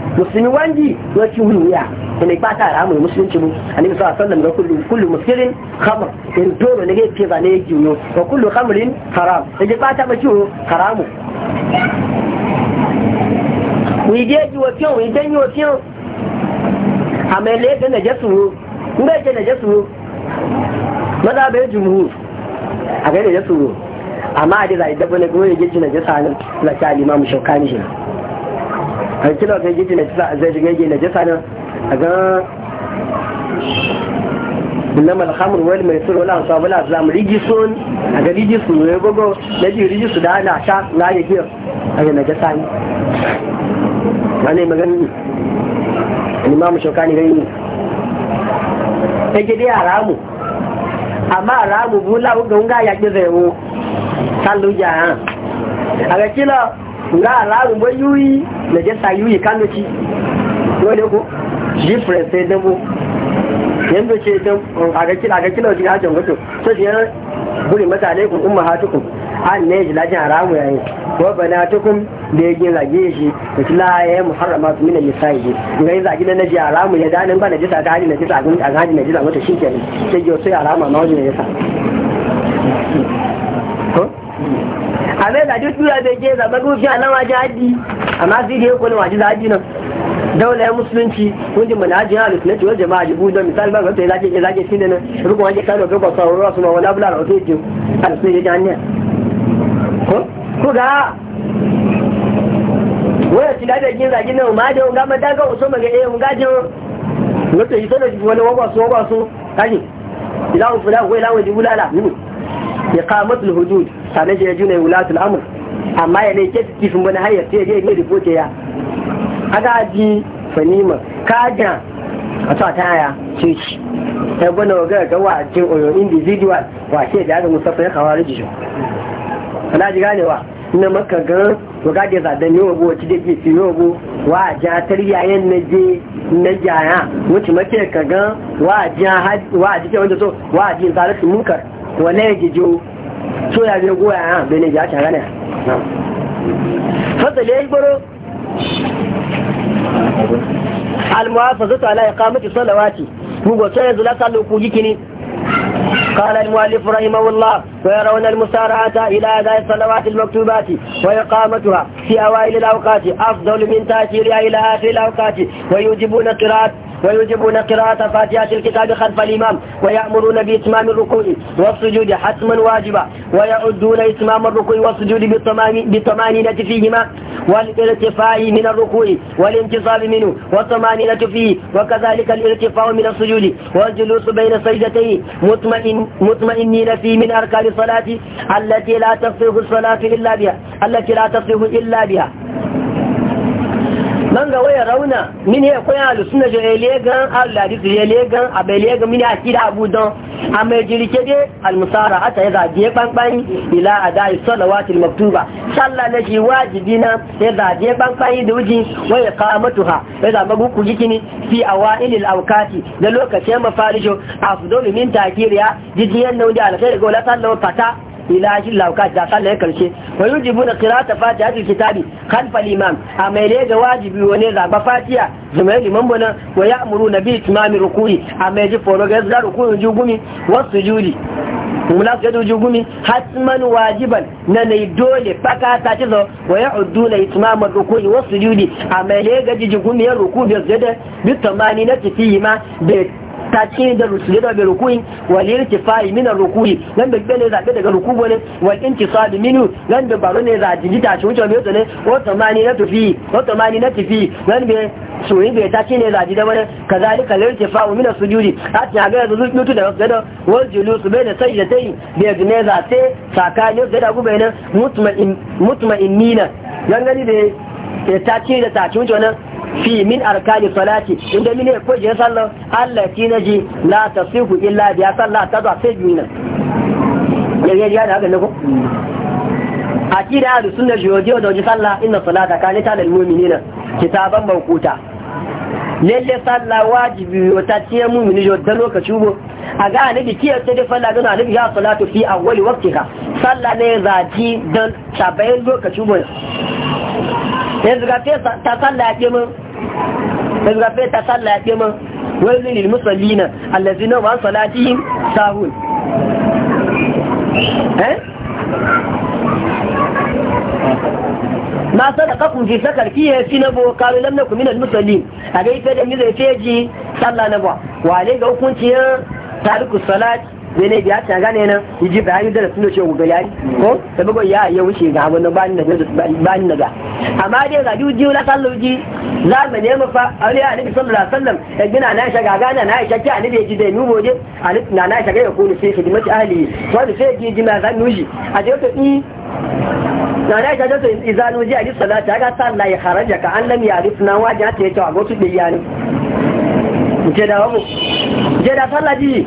musulmi wanji ya ci wuya da mai bata ramu musulunci mu annabi sallallahu alaihi wasallam kullu kullu muskirin khamr in dole ne ke zane ya giyo wa kullu khamrin haram da ke bata ba ciwo haramu wi je ji wa fiyo wi yi wa fiyo amele da najasu ngai je najasu maza bai jumhur a gaida ya tsoro amma a jiza idan wani goyi gijji na jisa na kyali ma mu shauka ni shi an kila zai gidi na jisa zai shiga gidi na jasa nan a ga innama alhamur wal mai sun wala sa wala za mu rigi sun a ga rigi sun ne gogo na ji rigi su da ana sha na ya gir a ga na jisa ne wani magani ne imamu shokani gani ne ta gidi a ramu amma a ramu bula ga wunga ya ki zai wo sallu jahan a ga kila nga alaru mai yuyi na jesa yuyi kano ci wadda ku jifre sai dabo yadda ce a ga kila wajen hajjan wato so shi yana buri mutane umma an ne ji lajin haramu yayi ko bana tukun da ya gina shi kila ya muharrama su mina ji na ya danin jisa ta hajji na jisa a hajji na jisa mata sai a na àmẹ́ ìdájọ́ tí a ẹgbẹ́ jẹ́ ìzàgbẹ́gbẹ́ a aláwájá dì àmá sí ilé waje níwájú láàájì náà daular musulunci kundin manhajin ahlus sunnah wal jama'a jibu don misali ba ga sai laje shine nan rukun waje kano ga kwasa ruwa su ma wala bula rahoto yake al sunnah da hanya ko ko ga waya tilla da gin zagin nan ma da mata ga uso maga eh mun gaje wato yi sanar wani wabasu wabasu kaji ila ufula wai lawa jibulala ni ya iqamatul hudud shi ya juna wulatul amur amma ya ne ke kifin wani hayar sai je ne ripote ya aga ji fanima kaja a sa ta haya ce shi ya wa gara gawa a cikin oyo individual wa ke da ga musafa ya kawari jijo ana ji ganewa na maka ga waga da zadan ne wa ci da ke fi yau wa ja tarbiya yan na je na jaya wuce make ka ga wa ja wa ji wanda so wa ji zalatu munkar wọlé ìjìjó tó yàgbé ogún ẹ̀ hàn bẹ́ẹ̀ ni ìjà àṣàrà náà fọ́tẹ̀lẹ́ ìgboro المحافظة على إقامة الصلوات وقصير ذلك اللقوجكني قال المؤلف رحمه الله ويرون المسارعة إلى أداء الصلوات المكتوبات وإقامتها في أوائل الأوقات أفضل من تأثيرها إلى آخر الأوقات ويوجبون قراءة ويجبون قراءة فاتحة الكتاب خلف الإمام ويأمرون بإتمام الركوع والسجود حتما واجبا ويعدون إتمام الركوع والسجود بالطمأنينة فيهما والارتفاع من الركوع والانتصاب منه والطمأنينة فيه وكذلك الارتفاع من السجود والجلوس بين سجدتيه مطمئن مطمئنين فيه من أركان الصلاة التي لا تصلح الصلاة إلا بها التي لا تصلح إلا بها man ga waya rauna min ya koya alu suna jo elegan alu hadisi elegan abe elegan min akida kida abu don amma jirike de al musara ata yaza je banban ila adai salawatil maktuba sallah na ji wajibi na yaza je banban da uji waya qamatuha yaza magu ku jikini fi awailil awqati da lokacin mafarijo afdalu min takiriya jijiyan nan da alkhair go la sallu fata ila shi lauka ta sallah karshe wa yujibu da qira'ata fatihatul kitabi khalfa al-imam amma ile ga wajibi wani zaba fatiha zuma liman bana wa ya'muru nabi timami ruku'i amma ji foro ga za ruku'i jugumi gumi wasu juli mula ga ju gumi hatman wajiban na ne dole faka ta ci zo wa ya'uddu na itmam ruku'i wasu juli amma ile ga ji ya ruku'i da zada bi tamani na tafi ma da ta ce da rusu da bai rukuyi wal irtifai min rukuyi nan da bane zabe daga ruku ne wal intisabi minu nan da baro ne za jiji ta shi wuce mai tsane ko tamani na tufi ko tamani na tufi nan be soyi bai ta ce ne za ji da bane kazalika lil irtifau min sujudi a ta ga zuwa mutu da da wal julus bai da sajdatai bai ga ne za te sakanin da gube ne mutma'in mutma'innina yan gani da ta ce da ta ci wannan fi min arkani salati inda mine ko je sallo Allah ki naji la tasihu illa bi sallah ta da sai mina ya ya ya da ko akida da sunna jiyo da je sallah inna salata kanita ta lil mu'minina kitaban mawquta lalle salla wajibi wata ce mu'mini jo da lokaci go a ga annabi kiyar ta da falla don annabi ya salatu fi awwali waqtika salla ne zaji dan sabayin lokaci go yanzu ga ta sallah ya kemin yanzu ga allazina ba sahun eh? sakar na bo musallin a ga da mi feji sallah na ba ga hukunci ya tariku salati yana biya ta gane nan yiji ba yi da sun ce gobe gari ko sabago ya ya wuce ga wani bani na bani na amma dai ga duji wala kalluji za mu ne mu fa aure annabi sallallahu alaihi wasallam ya gina na shaga gana na shaki annabi ji da boje na na shaga ya kunu sai khidmati ahli wani sai ji jima zan nuji a je to i na na shaga to izanu ji ali sallallahu ga ya kharaja ka an lam yarifna ta a da je da wabu je da sallaji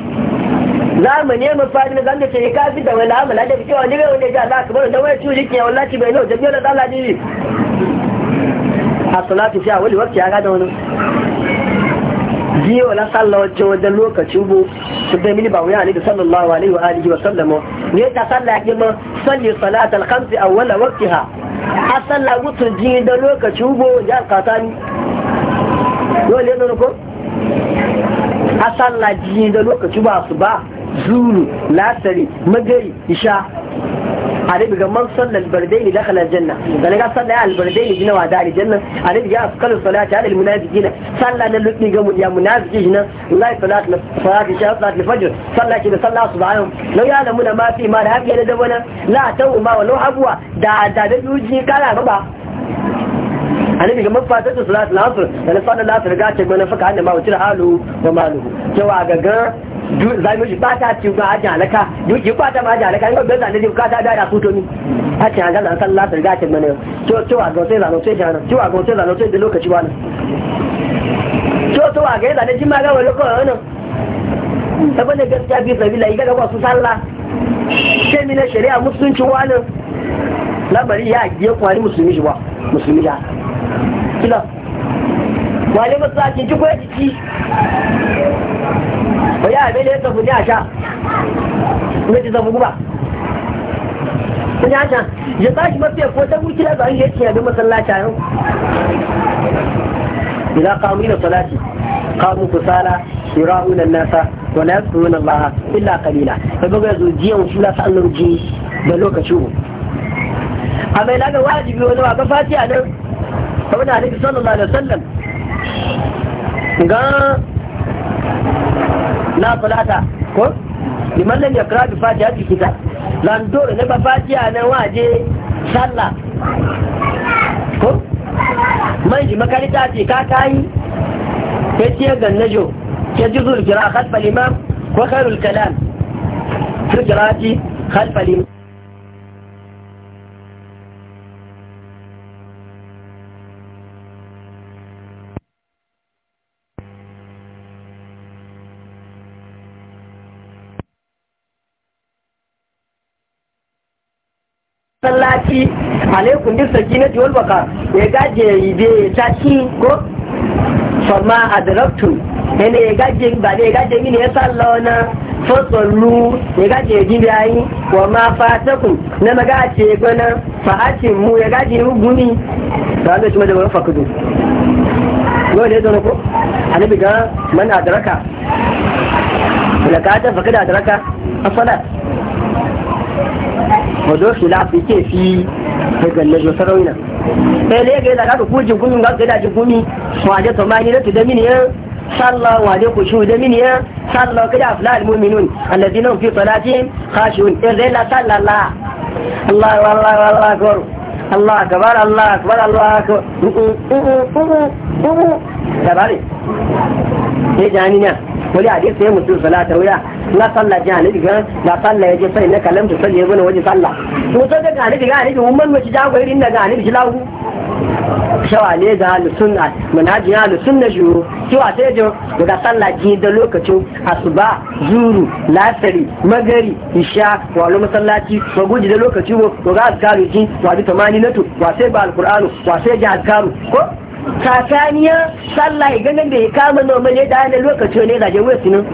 zamani ya mafari na zamani ce ka fi da wani amala da fi cewa jirgin wani ga za ka bari da wani ciwo jikin yawon lati bai nau jami'ar da zala jiri a salatu fiya wani wakci ya gada wani Jiya na sallah wajen wajen lokacin bu su da mini ba wuya ne da sallallahu alaihi wa alihi wa sallama ne ta sallah ya ma salli salat al-khamsi awwala waqtiha a sallah gutun ji da lokacin bu ya katani dole ne ko a sallah ji da lokacin ba su ba Zulu, lasari magari isha annabi ga man salla albardaini dakhala aljanna dan ga salla albardaini gina wada aljanna annabi ga askalu salati ala almunafiqina salla na lutni ga ya munafiqi na wallahi salat na salati sha salat alfajr salla ki da sallar subhanahu law ya lamuna ma fi ma da habiya da dabana la ta'u ma walau abwa da da yuji kala gaba annabi ga mafata su salatu lafir da na lafir ga ce mana halu wa cewa zai mishi ci ga ma in ga ni a ce ga na ga ce mana jana da lokaci wani ga ma ga wani lokaci wani saboda gaskiya bi ga sallah sai mina shari'a musulunci wani labari ya giye kwari musulmi shi ba Musulmiya kila wale masu a cikin kuwa jiki ba ya abin da ya tafi ne a sha ne ta zama guba ta ne a sha ya tashi mafi ya kota mulki da zai yake abin masallaci a yau ila kamun da salati kamun kusala shirahu na nasa wala ya tsoro na baha illa kalila ta baga yanzu jiyan wasu lasa an jini da lokaci. a mai laga wajibi wani wa ga fati a nan kamar da alaihi sallallahu alaihi wasallam ga la salata ko liman lam yakra bi fatiha ti kita lan dole ne ba fatiha nan waje sallah ko mai ji makarita ce ka kai ke ce ga najo ke juzul kira khalfa imam ko khairul kalam fi qira'ati khalfa imam alaikum bisa gina tiwal baka ya gaje ibe ta ci ko fama adraktu yana ya gaje ba da ya gaje gini ya sallo wani fasallu ya gaje gini yayi wa ma fatakum na magace gona fahacin mu ya gaje ya guni da wanda shi madawa fakudu yau ne zo ko nabi ga mana adaraka da ka ta fakada adaraka a salat hodo khilaf yake fi daga na jo sarauna sai le ga da ka ku ji gumin ga da ji gumi waje to mani da da mini ya sallah waje ku shi da mini ya sallah kada aflal mu'minun alladina fi salatihim khashun idan la sallala Allah wallahi wallahi akbar Allah akbar Allah akbar Allah akbar uh uh uh uh uh uh wani hadisi sai mutum salata, wuya na sallah jiya hanifi ga na sallah ya je sai na kalam ta sallah ya zo na waje sallah to sai da hanifi ga hanifi mun manwaci jagori da ga hanifi lagu shawale ga sunna manhajin ahlus sunna shuru cewa sai jo daga sallah ji da lokacin asuba zuru lasari magari isha walo masallaci Maguji guji da lokacin ko ga azkaru ji wa bi tamani to wa sai ba alkur'anu wa sai ji azkaru ko kakaniya sallah ganin da ya kama noman ya da hannun lokaci ne da zaje wasu nan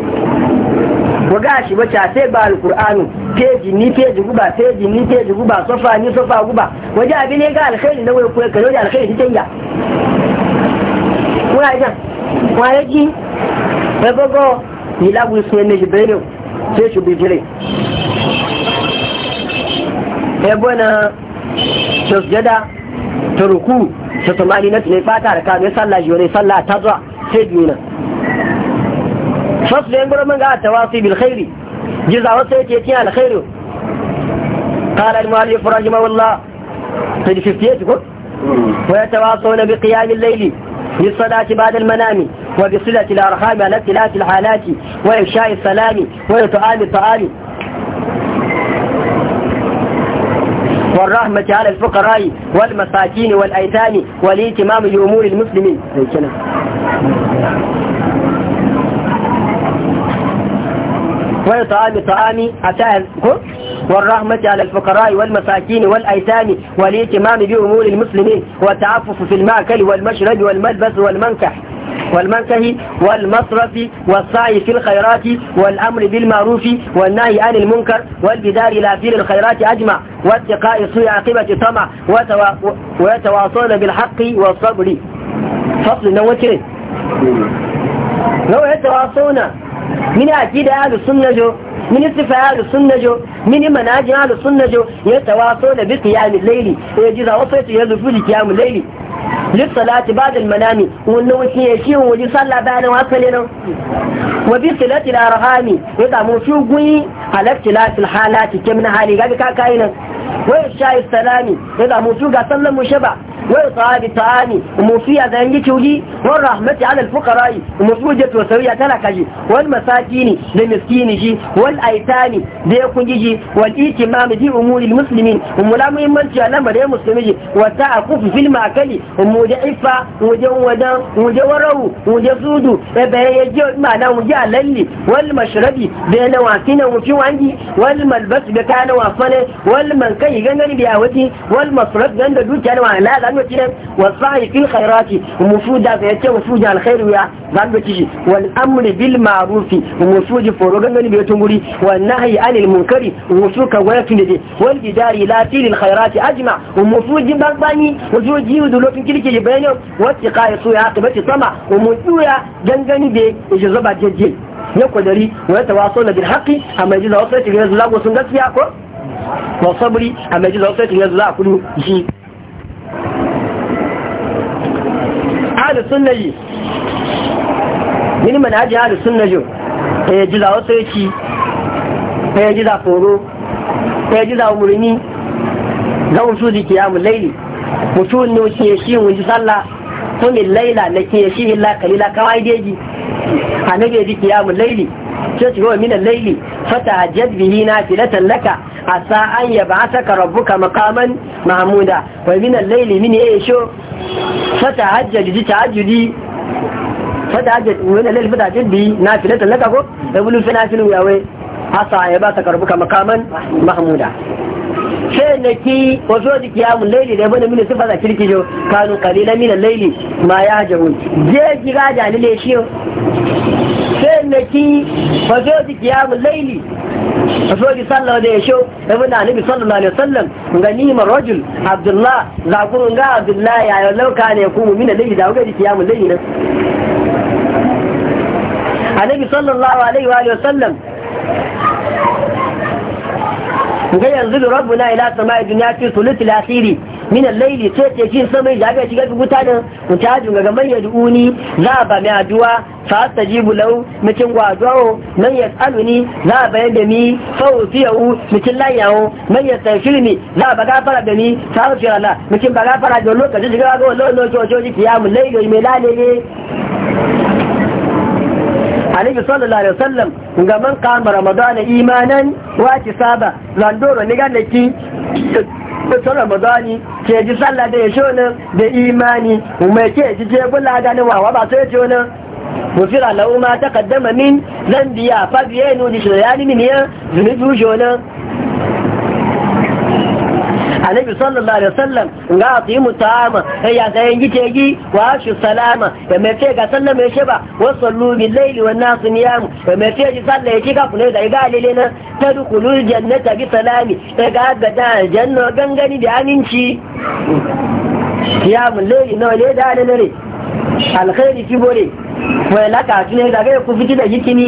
ga shi ba ta sai ba alqur'anu peji ni peji guba peji ni peji guba sofa ni sofa guba waje abin ne ga alkhairi na wai ko kano da alkhairi cikin ya kuna jan kwa yaji ba gogo ni lagu sun ne shi bane sai shi bijire e bona sosjada ta ruku ta tumani na tunai fata da kamar sallah shi wani sallah ta zuwa sai biyu nan fasu da yan gudun man ga ta wasu bil khairi jiza wasu yake cin alkhairu قال المؤلف رحمه الله تجي شفتيتكم ويتواصون بقيام الليل بالصلاة بعد المنام وبصلة الأرحام على ابتلاء الحالات وإفشاء السلام وإطعام الطعام والرحمة على الفقراء والمساكين والأيتام والاهتمام بأمور المسلمين وإطعام طعام أتاهم والرحمة على الفقراء والمساكين والأيتام والاهتمام بأمور المسلمين والتعفف في المأكل والمشرب والملبس والمنكح والمنسه والمصرف والسعي في الخيرات والأمر بالمعروف والنهي عن المنكر والبدار إلى فيل الخيرات أجمع واتقاء سوء عاقبة طمع ويتواصون بالحق والصبر فصل نوتين لو يتواصون من أكيد أهل السنة جو من اتفاع أهل السنة جو mini manajin ahlu sunna jo ya tawaso da bi qiyamil layli ya ji zawo sai ya zufi da qiyamul layli lis salati ba'da al manami wannan wuce ya shi wuji sallah bayan wasale nan wa bi silati al arhami ya da mu shi guyi alaktilat al halati kemin hali ga ka kai nan wa sha'i salami ya da mu shi ga sallan mu shaba وإصحاب الطعام وموفية ذنجي توجي والرحمة على الفقراء ومسوجة وسوية تلكجي والمساكين لمسكين جي والأيتام ديكون جي والاهتمام بامور المسلمين وملا مهمتي على مريم المسلمين وتعقف في المعكلي ومدعفة ومجودة ومجورة ومجسود ابه يجي معنا ومجي على اللي والمشربي بين واسين وفي وانجي والملبس بكان وفنه والمنكي جنر بيهوتي والمصرف جنر دوتي انا وانا لا لن يتنم والصحي في الخيرات ومفودة فيتي وفودة الخير ويا بانبتشي والامر بالمعروف ومفودة فروغن بيتمري والنهي عن المنكر وصوك ويكندي والجدار لا تيل الخيرات أجمع ومفروض بغباني وجود جيود لوكن كلك بينهم واتقاء سوء عاقبة طمع ومجوية جنجاني بي يجزبا جنجي يقول دري ويتواصل بالحق أما يجزا وصلت يجزا الله وسنجا سياكو وصبري أما يجزا وصلت يجزا الله كله جي أهل السنة من من أجي أهل السنة جو يجزا وصلت يجزا sai ya ji da tsoro sai ya ji da umarni ga usuli kiyamu laili mutum ne wuce ya shi wuce sallah kumin laila na ke shi illa kalila kawai deji a nage ji kiyamu laili ce ci gawa minan laili fata hajjat bihi na filatan laka a sa'an ya ba ta ka rabbuka makaman mahmuda wa minan laili mini ya sho fata hajjat ji ta hajjudi fata hajjat minan laili fata hajjat bihi na filatan laka ko da bulu fina filu yawai asa ya ba ta karbuka makaman mahmuda sai na ki wazo da mun laili da bane mini sifa da kirki jo kanu qalilan min laili ma ya jahun je kira da ne shi sai na ki wazo da kiyamun laili Rasulullah sallallahu alaihi wasallam da bin Annabi sallallahu alaihi wasallam ganimar rajul Abdullah zakurun ga Abdullah ya lauka ne ku min laili da ga kiyamun laili nan Annabi sallallahu alaihi wa sallam gayan yanzu da rabu na ila sama a duniya fi sulutu lasiri min laili ce ce shi sama ya ga shiga guta da mutajin ga man yad'uni za ba mai aduwa fa astajibu bulau mutin gwadwawo man yas'aluni za ba yadda mi fa usiyu mutin layawo man yastashirni za ba gafara da ni fa usiyu Allah mutin ba gafara da lokacin shiga ga wallahi lokaci kiyamu layli mai lalele annabi sallallahu alaihi wasallam ga man qama ramadan imanan wa tisaba zandoro ni ganne ki ta ramadani ke ji sallah da yasho nan da imani mai ke ji je bula ganin wawa ba sai yasho nan mufira lahu ma taqaddama min zambiya fa biyanu li shayani min ya zunubi jona annabi sallallahu alaihi wasallam ga yi mutama ai ya ga yangi tegi wa shi salama ya mai ce ga sallah mai shi ba wa sallu bil laili wan nas niyam ya mai ce ji sallah yake ka kula da ga lele na tadkhulul jannata bi salami ya ga ga da janna gangani da aminci ya mun laili na laili da ki kibore wai laka tune da ga ku fiti da jikini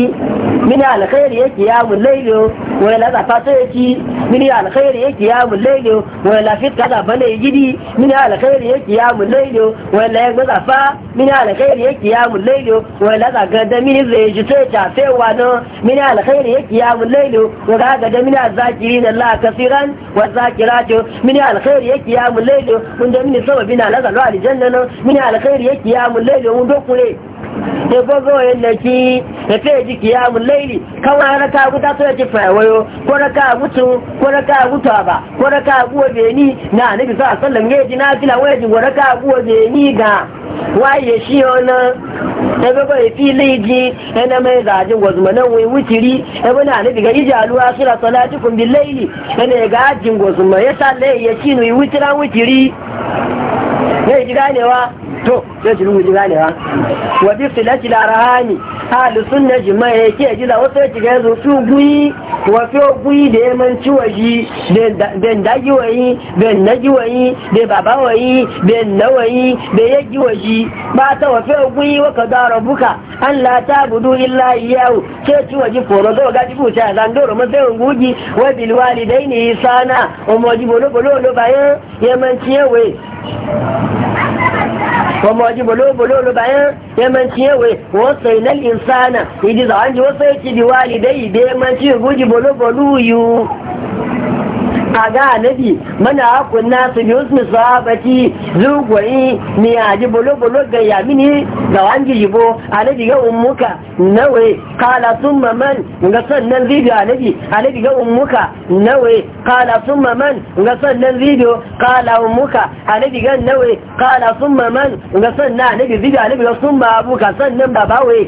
mini alkhairi yake ya mu lailo wai la zafa to yake mini alkhairi yake ya mu lailo wai la fit kaza bane gidi mini alkhairi yake ya mu lailo wai la ga zafa mini alkhairi yake ya mu lailo wai la zaga da mini zai ji to ta sai wano mini alkhairi yake ya mu lailo wai ga ga da mini azakirin la kasiran wa zakiratu mini alkhairi yake ya mu lailo mun da mini sababina la zalwa aljanna mini alkhairi yake ya mu lailo mun dokure ya gogo yadda ki da ta ji kiyamun laili kawai ka guta so ya ci fayawayo ko na ka mutu ko na ka mutuwa ba ko na ka guwa beni na annabi sa sallan ya ji na nafila waya ji ka guwa beni ga waye shi ona ya gogo ya fili ji yana mai zajin gwazumanan wai wuciri ya bana annabi ga aluwa sura asira salatukum bil laili yana ya gajin gwazuma ya salle ya shi ne wucira wuciri ne ji ganewa to sai ji ruhu gane ha wa bi filati la rahani ahli sunna jima'a yake ji la wato ki ga zo su wa fi guyi da yaman ciwaji ben daji wayi ben naji wayi da baba wayi ben nawayi da yaji waji ba ta wa fi guyi wa ka da rabbuka an la tabudu illa iyyahu sai ciwaji foro zo ga ji buta zan doro mun sai guji wa bil walidaini isana o mo ji bolo bolo lo yaman mo 我走路走路了呗，要么去为我走那条山呢？你早上就走，就就往里边一边，要么去我走路走路游。a ga anabi mana akun nasu bi usmi sahabati zugwai ni aji bolo bolo ga yamini ga wangi yibo anabi ga ummuka nawe kala summa man ga sannan zidiyo anabi anabi ga ummuka nawe kala summa man ga sannan zidiyo kala ummuka anabi ga nawe kala summa man ga sannan anabi zidiyo anabi ga summa abuka sannan babawe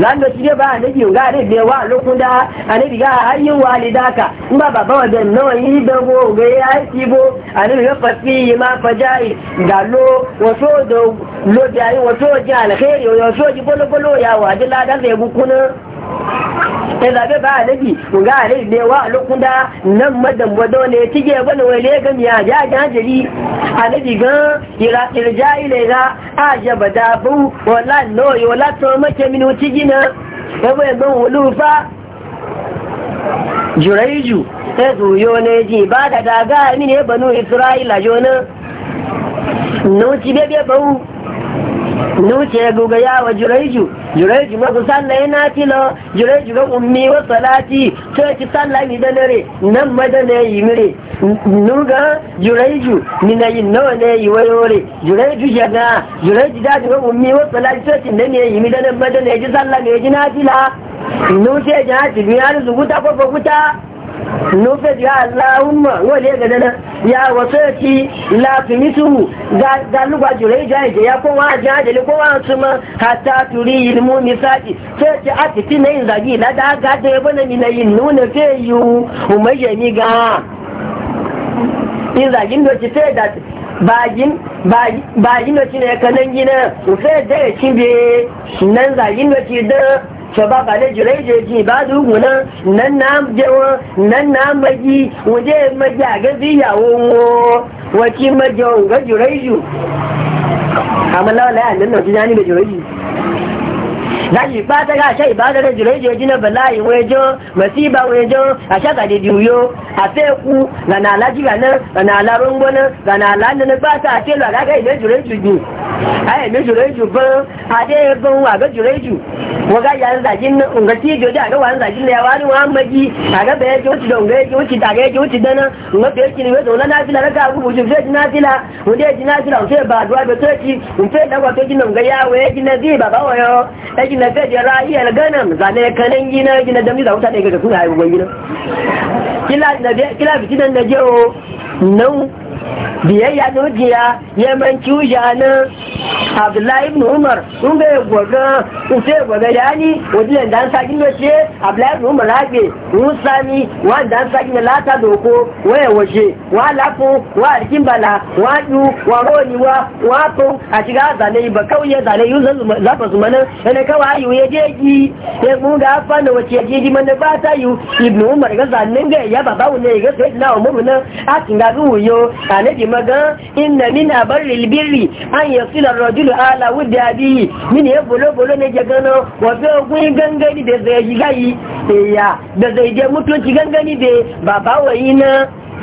难道这些吧？那些乌龟、那些蜗牛、龙虾，那些鱼啊、牛啊、泥鳅，那爸爸他们弄的都给俺吃不？俺们也不吃，他妈不摘。那龙、我说的龙虾，我说虾，还有要说的菠萝菠萝鸭，这哪能都不可能。ya zabe ba a nabi ga a rai lewa a lokunda nan madan ne tige bane wai ne ga miya ja ja jiri a nabi ga ira irja a jaba da bu wala no to make min ya bai ban juraiju ne ji ba da daga mini banu isra'ila jona no ci bebe bawu nuce guga wa jiraiju jiraiju ma ku sallah na tilo jiraiju ga ummi wa salati to ki sallah mi danare nan ma da ne yi mire nuga jiraiju ni na yi nawa ne yi wayore jiraiju jana jiraiju da ga ummi wa salati to ki ne yi mi da nan ma da ne ji sallah ne ji na tila nuce ja ti biya zuguta ko ko nufin ya Allahumma wale ga dana ya wasu ya ci lafimituhu ga lugwa jurai jaije ya kowa ko kowa su ma hata turi ilmu misaki sai ci a fiti na yin zagi na da ga da yabo na mina yin nuna fe yi umayya ni ga yin zagin doci sai da bagin bagin doci ne kanan gina sai da ya cibe nan da doci da sọba ba ji ba ìbádùgùn náà nan na jẹ nan na mẹjì wọdẹ mẹjì àgẹ́bí ìyàwó wọn wọn kí mẹjọ òǹgẹ́ jùlọ ìjù yi láwọn láyà nínú ọ̀tún jani da jùlọ ìjù láti pátá àṣà ìbádọ́rẹ́ jùlọ ìjọ jìnà bẹ̀lá ìwọ̀n ẹjọ́ mẹ̀sí ìbáwọn ẹjọ́ àṣàkàdédì òyó àfẹ́kù lànà alájìgbà náà lànà aláròǹgbó náà lànà alánàá pátá àti èlò àlágà ìlé jùlọ ìjù A ayé mi jùlọ ìjù fún adé na àgọ́ jùlọ ìjù wọ́n ga wa ìdàjì nǹkan na ya wa àgọ́wà wa náà wá ní wọ́n mẹ́jì àgọ́bẹ̀ ẹjọ́ ti dọ̀ǹgẹ́ ẹjọ́ ti dàgẹ́ ẹjọ́ ti dáná nǹkan tó ti ní wẹ́tọ̀ ńlá náà fìlà lọ́kà àgùbù jù fẹ́ẹ́ jiná fìlà òde jiná fìlà òfẹ́ bàdúrà bẹ́tọ́ ti òfẹ́ dàgbà tó jiná nǹkan yà wẹ́ jiná wa bàbá wọ̀nyọ́ ẹjìn na gajera iya ganin zane kanan gina gina damni da wuta ɗaya ga suna haihuwan gina kila biki nan na jero nan biyayya da ya man kiwuja na abdullahi ibn umar sun ga gwaga ufe gwaga yani wajen da an sa gina ce abdullahi ibn umar haƙe musami wanda an sa gina lata doko waya waje wa lafu wa arkin bala wa du wa roni wa wa to a shiga zane ba kauye zane yi zafa su mana yana kawai yi ya je ki ya gunga afa na wace ya je ji mana ba ta yi ibn umar ga zanen ga ya baba wune ga sai na umar na a tinga kagu yo anabi maga inna min abarril birri an yasila rajulu ala wudi abihi min ya bolo bolo ne je gano wa fe ogun gangani da zai yi gayi ya da zai je mutunci gangani da baba wayina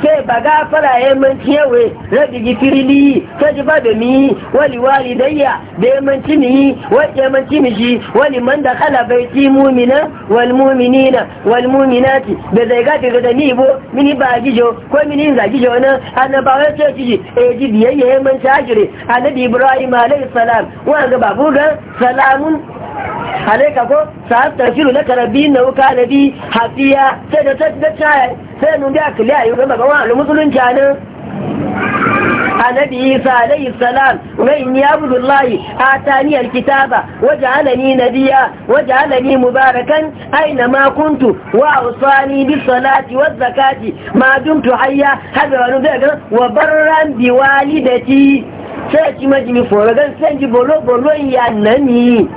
sai ba gafara ya manci yawe rabi gifiri li sai ji babe mi wali wali dayya da ya manci mi wani ya manci mi shi wani man da kala bai ci mumina wal muminina wal muminati da zai gafi ga da ni bo mini ba gijo ko mini za gijo na annabawa ce ci e ji biyayya ya manci ajire annabi ibrahim alayhi salam wa ga babu ga salamun عليك أكو سألت أشيره لك ربينا وكان بي حفية سيدة سيدة شاية سيدة نبيك لا يوم أكو لمسلم كان النبي إيسا عليه السلام وإني أبد الله أعطاني الكتابة وجعلني نبيا وجعلني مباركا أينما كنت وأوصاني بالصلاة والزكاة ما دمت حيا هذا هو نبيك وبرا بوالدتي سيتي مجمي فورغان سيتي بولو بولو يا نمي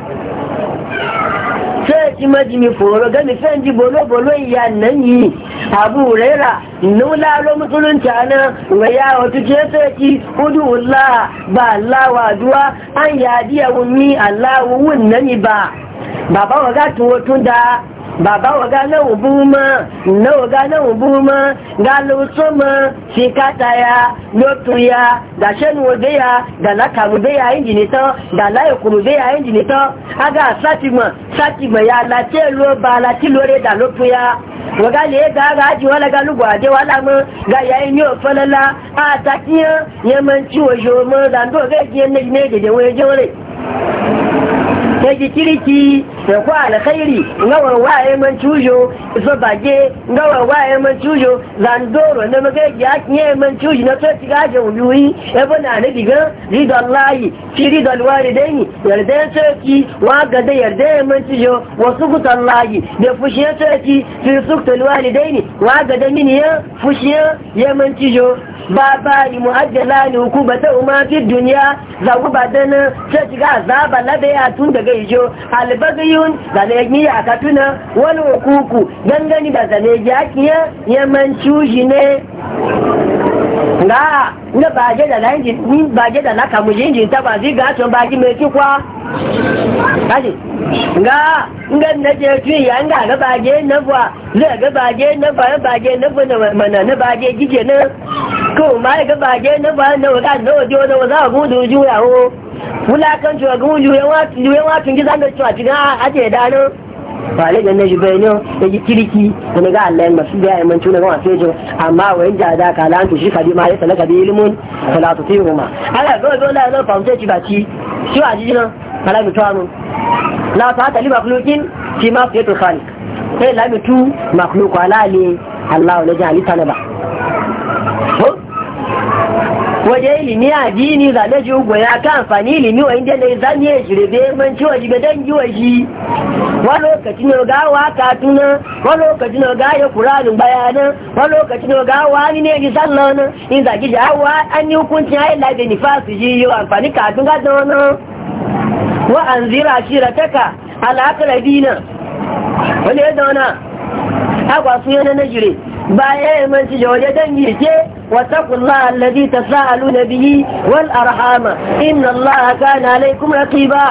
sai ki majimi foro gani fen ji bolo bolo ya nan yi abu rera nula lo musulunci ana ga ya wato ce sai ki udu Allah ba Allah wa duwa an yadiya wuni Allah wun nan ba baba wa ga to da bàbá wà gá náà bú mọ́ ma. wà gá náà bú mọ́ gá ló tó mọ́ fi káta ya lótú ya dàṣẹ́nu òde ya dàlákàrù dé ya ẹ́njìnì tán dàlá ìkùrù dé ya ẹ́njìnì tán ága sátìmọ̀ sátìmọ̀ ya láti èlò ọba ya wà gá lè gá gá jù wọ́n lága lùgbọ̀ àdé wà ne gá ya ẹni ò fẹ́lẹ́lá ne. ta ji kirki da kwa alkhairi ngawar waye man cujo so bage ngawar waye man cujo zandoro na magaji ya kinye man cujo na tsoci gaje wuyuyi E bana na diga rida Allahi fi rida alwalidaini yarda ya tsoci wa gada yarda ya man cujo wasu gutan Allahi da fushi ya tsoci fi sukta alwalidaini wa gada mini ya fushi ya man cujo baba ni mu'ajjala ni hukumata umma fi duniya zagu badana tsoci ga azaba labe ya tun daga zane jo albagiyun zane miya katuna wani hukuku gangani da zane jakiya yaman cuji ne nga nga baje da ni baje da na mu jinjin ta ba ziga to baji me ki kwa nga nga na je ya nga ga baje na bwa le ga baje na ba baje na bwa mana na baje gije na ko mai ga baje na ba na ga no jo wa za gudu juya ho wulakan cewa ga juyen wacin gizan da cewa cikin ake dano ba le ganin shi bai ne ya ji kirki wani ga Allah yan masu biya yammanci wani gama fejo amma wayan ja da ka lantu shi kabi ma ya tsala kabi ilimin wala tu fi huma ala go go la la famce ci baci shi wa ji nan ala mi tuwa mu la ta ta li makhluqin fi ma fiyatul khaliq sai la mi tu makhluq ala ali Allah wala ja ali ba. waje ilimi a addini zane ji ugo ya ka amfani ilimi wa inda ne zan yi shirbe man ciwo ji gadan giwa shi wani lokaci ne ga waka tuna wani lokaci ne ga ya kuranin bayanan wani lokaci ne ga wani ne ji sallan nan in zaki ji hawa an yi hukunci ya yi labe ni fasu ji yi amfani kafin gadon wani wa an zira shirataka al'akarabina wani yadda wana agwasu yana na jire baya yi mun shiga waje don girke wata kula allazi ta sa alu biyi wal arhama inna Allah ka na lai kuma ba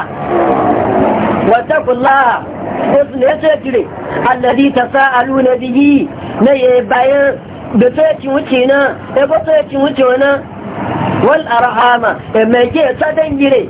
wata kula ko su ne ya ce sa alu biyi na ya baya da tsoyaki wuce na ya ba tsoyaki wuce wal arhama ya mai ke sa don gire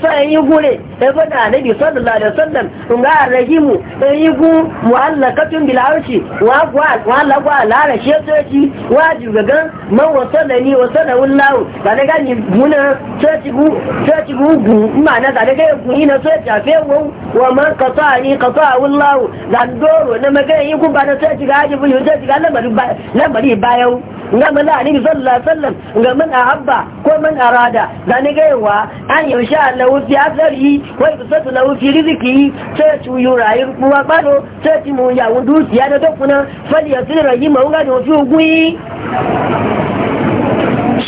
ta yi gure ya faɗa annabi sallallahu alaihi wasallam in ga arrahimu ta yi gu mu'allakatun bil arshi wa wa la gwa la rashi tsoci wa jugagan man wasalani wasalawun lawu ba gani muna tsoci gu tsoci gu gu ma na da ga gu ina tsoci a fewo wa man qata'ani qata'un lawu dan doro na maga yi gu ba na tsoci ga haji bulu tsoci ga lamari lamari bayan ga mana annabi sallallahu alaihi wasallam ga man ahabba ko man arada da ni ga wa an yaushe. له في أثره ويبسط له في رزقه تأتي يرعير وقبله تأتي من يعود سيادة دفنا فليصل رجيمه غنه في أبوه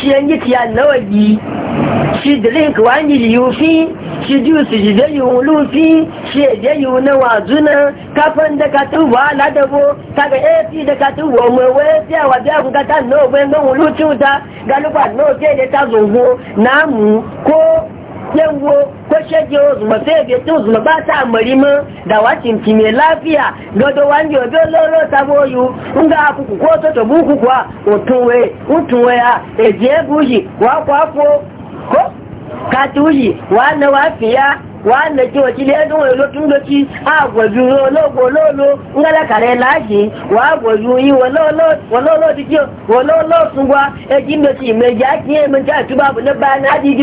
شيئا يتيان نوجي shi drink wani liyufi shi juice shi na kafin da ka ac da ka tuba mai waya da ta zongo namu ko yanwo ko shege wasu masu yage tun su ba ta amari ma da wacin ki mai lafiya gado wani obe loro ta boyu in ga haku ku ko to tabu ku kuwa otunwe utunwe ya eje buji wa kwafo ko katuji wa na wafiya wàá lè tí wọ́n ti lé ẹdún èlò tún lókí àgbọ̀jú olóògbò olóòlò ńlẹ́lẹ́kàrẹ́ láàyè wàá gbọ̀jú yín ń lọ́sí ìmẹ̀jì àti ẹ̀mẹ̀jì àtúbà bọ̀lẹ́ bá ní àti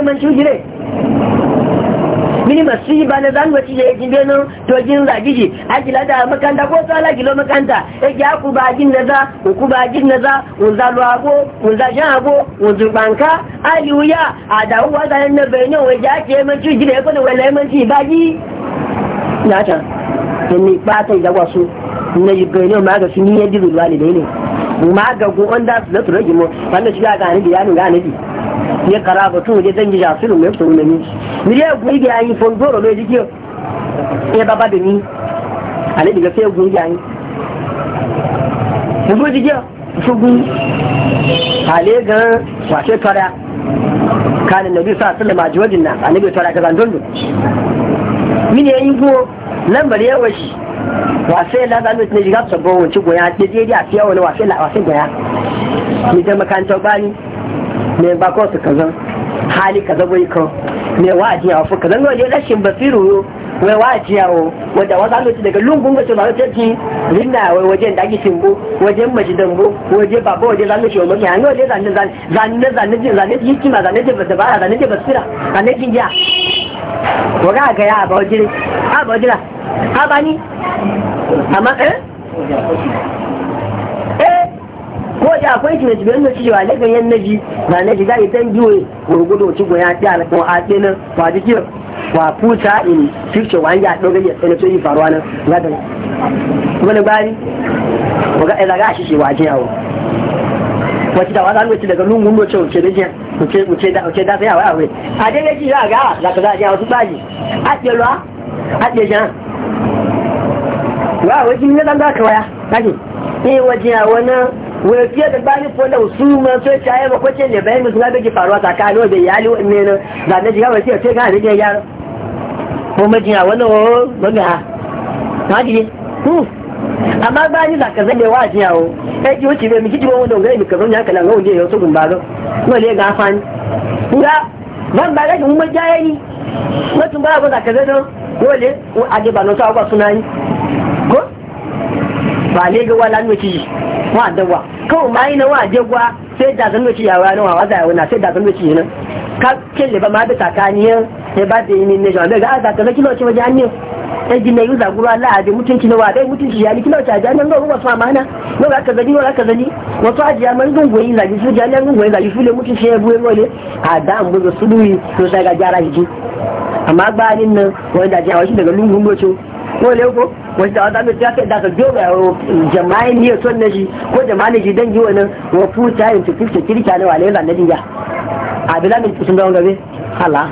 ìdí mini masiba na zan wace ya beno to tojin zagiji gila da makanta ko tsala gilo makanta e ya ki aku ba gin na za ku ba gin na za un za luwago un za shan ago un zurbanka aliwuya a da huwa zanen na benin wai ji ake yamanci jira ya kwada wani yamanci ba gi na can ta yi da su na yi benin ma ga su ni yadda zuwa ne da ne ma ga ku onda su da rage mu wanda shiga ga ni da yanin ga ni ya kara tun waje zan ji jasirin mai tsoron na ni nílé ẹ̀gùn igi ayin fòǹdóró ló yẹ nabi sa sallama a jiwajin na annabi tọ́ra ga zandondo mini yayin go nan bari yawa shi wasai la zanu ne jiga sabo wanci goya daidai a fiya wani wasai la wasai goya ni da makaranta bani ne ba ko su kazan hali kaza bai ko 你我也进校服，可能我有点心不细路。我我也进校哦，我在我当初是那个龙宫个学校里接亲，你呢？我我见大家辛苦，我见没心疼过，我见爸爸，我见那个小妹，两个在在在在在在在在在一天嘛，在那就不得玩了，在那就不去了，在那进去啊？我干开呀，我进，啊，我进了，啊，把你，他妈，嗯。ko da akwai shi mai na cewa ne ga yan naji na naji da idan biyo gudu ci goya ta ko a dinan ba dike wa puta in fice wa ya doga ya tsene to yi faruwa nan ga da wani bari ko ga ila ga shi shi wa ko wacce da wa zan ci daga lungun ce ce da jiya ce ce da ce da sai a wai a dai yake za ga la ka za a wasu tsaji a ce lo a ce jan wa wajen ne dan za ka waya kaje eh wajen wani wee fiye da bani fola su so ya caye ba kwace ne bayan musu gabe ki faruwa tsakanin wajen iyali wa ne na ga na jiga wasiya sai ga na jiga yaro ko majiya wannan o maga na ji ku amma bani da kaza ne wa jiya o eh ki wuce be miki jiwon wanda gare mi kaza ne haka nan ga wanda ya ga fani ban ba ga mun majiya ni mutum ba dole a suna yi ko ba wa dawa kawai mai na wa jagwa sai da zan ci yawa na wa za na sai da zan ci ne ka kelle ba ma da takaniya ne ba da yin ne jama'a ga aka ah, kaza kilo ci waje an ne sai gina yi zaguru Allah a mutunci na wa dai mutunci ya kilo ci ajiya nan ga ruwa su amana no ga kaza ni no ga kaza ni wato ajiya man gungoyi zagi su jami'an gungoyi zagi su le mutunci ya buwe mole a da an buga su duyi to sai ga gyara shi amma ba nan wanda ajiya wa shi daga lungun bocin ko le ko wasu da wata ta da ka gyoba ya jama'i ne son na shi ko jama'i ne shi don yi wani wafu ta yin tafi ta kirka na wale zan na jiya a bila min sun gawon gabe hala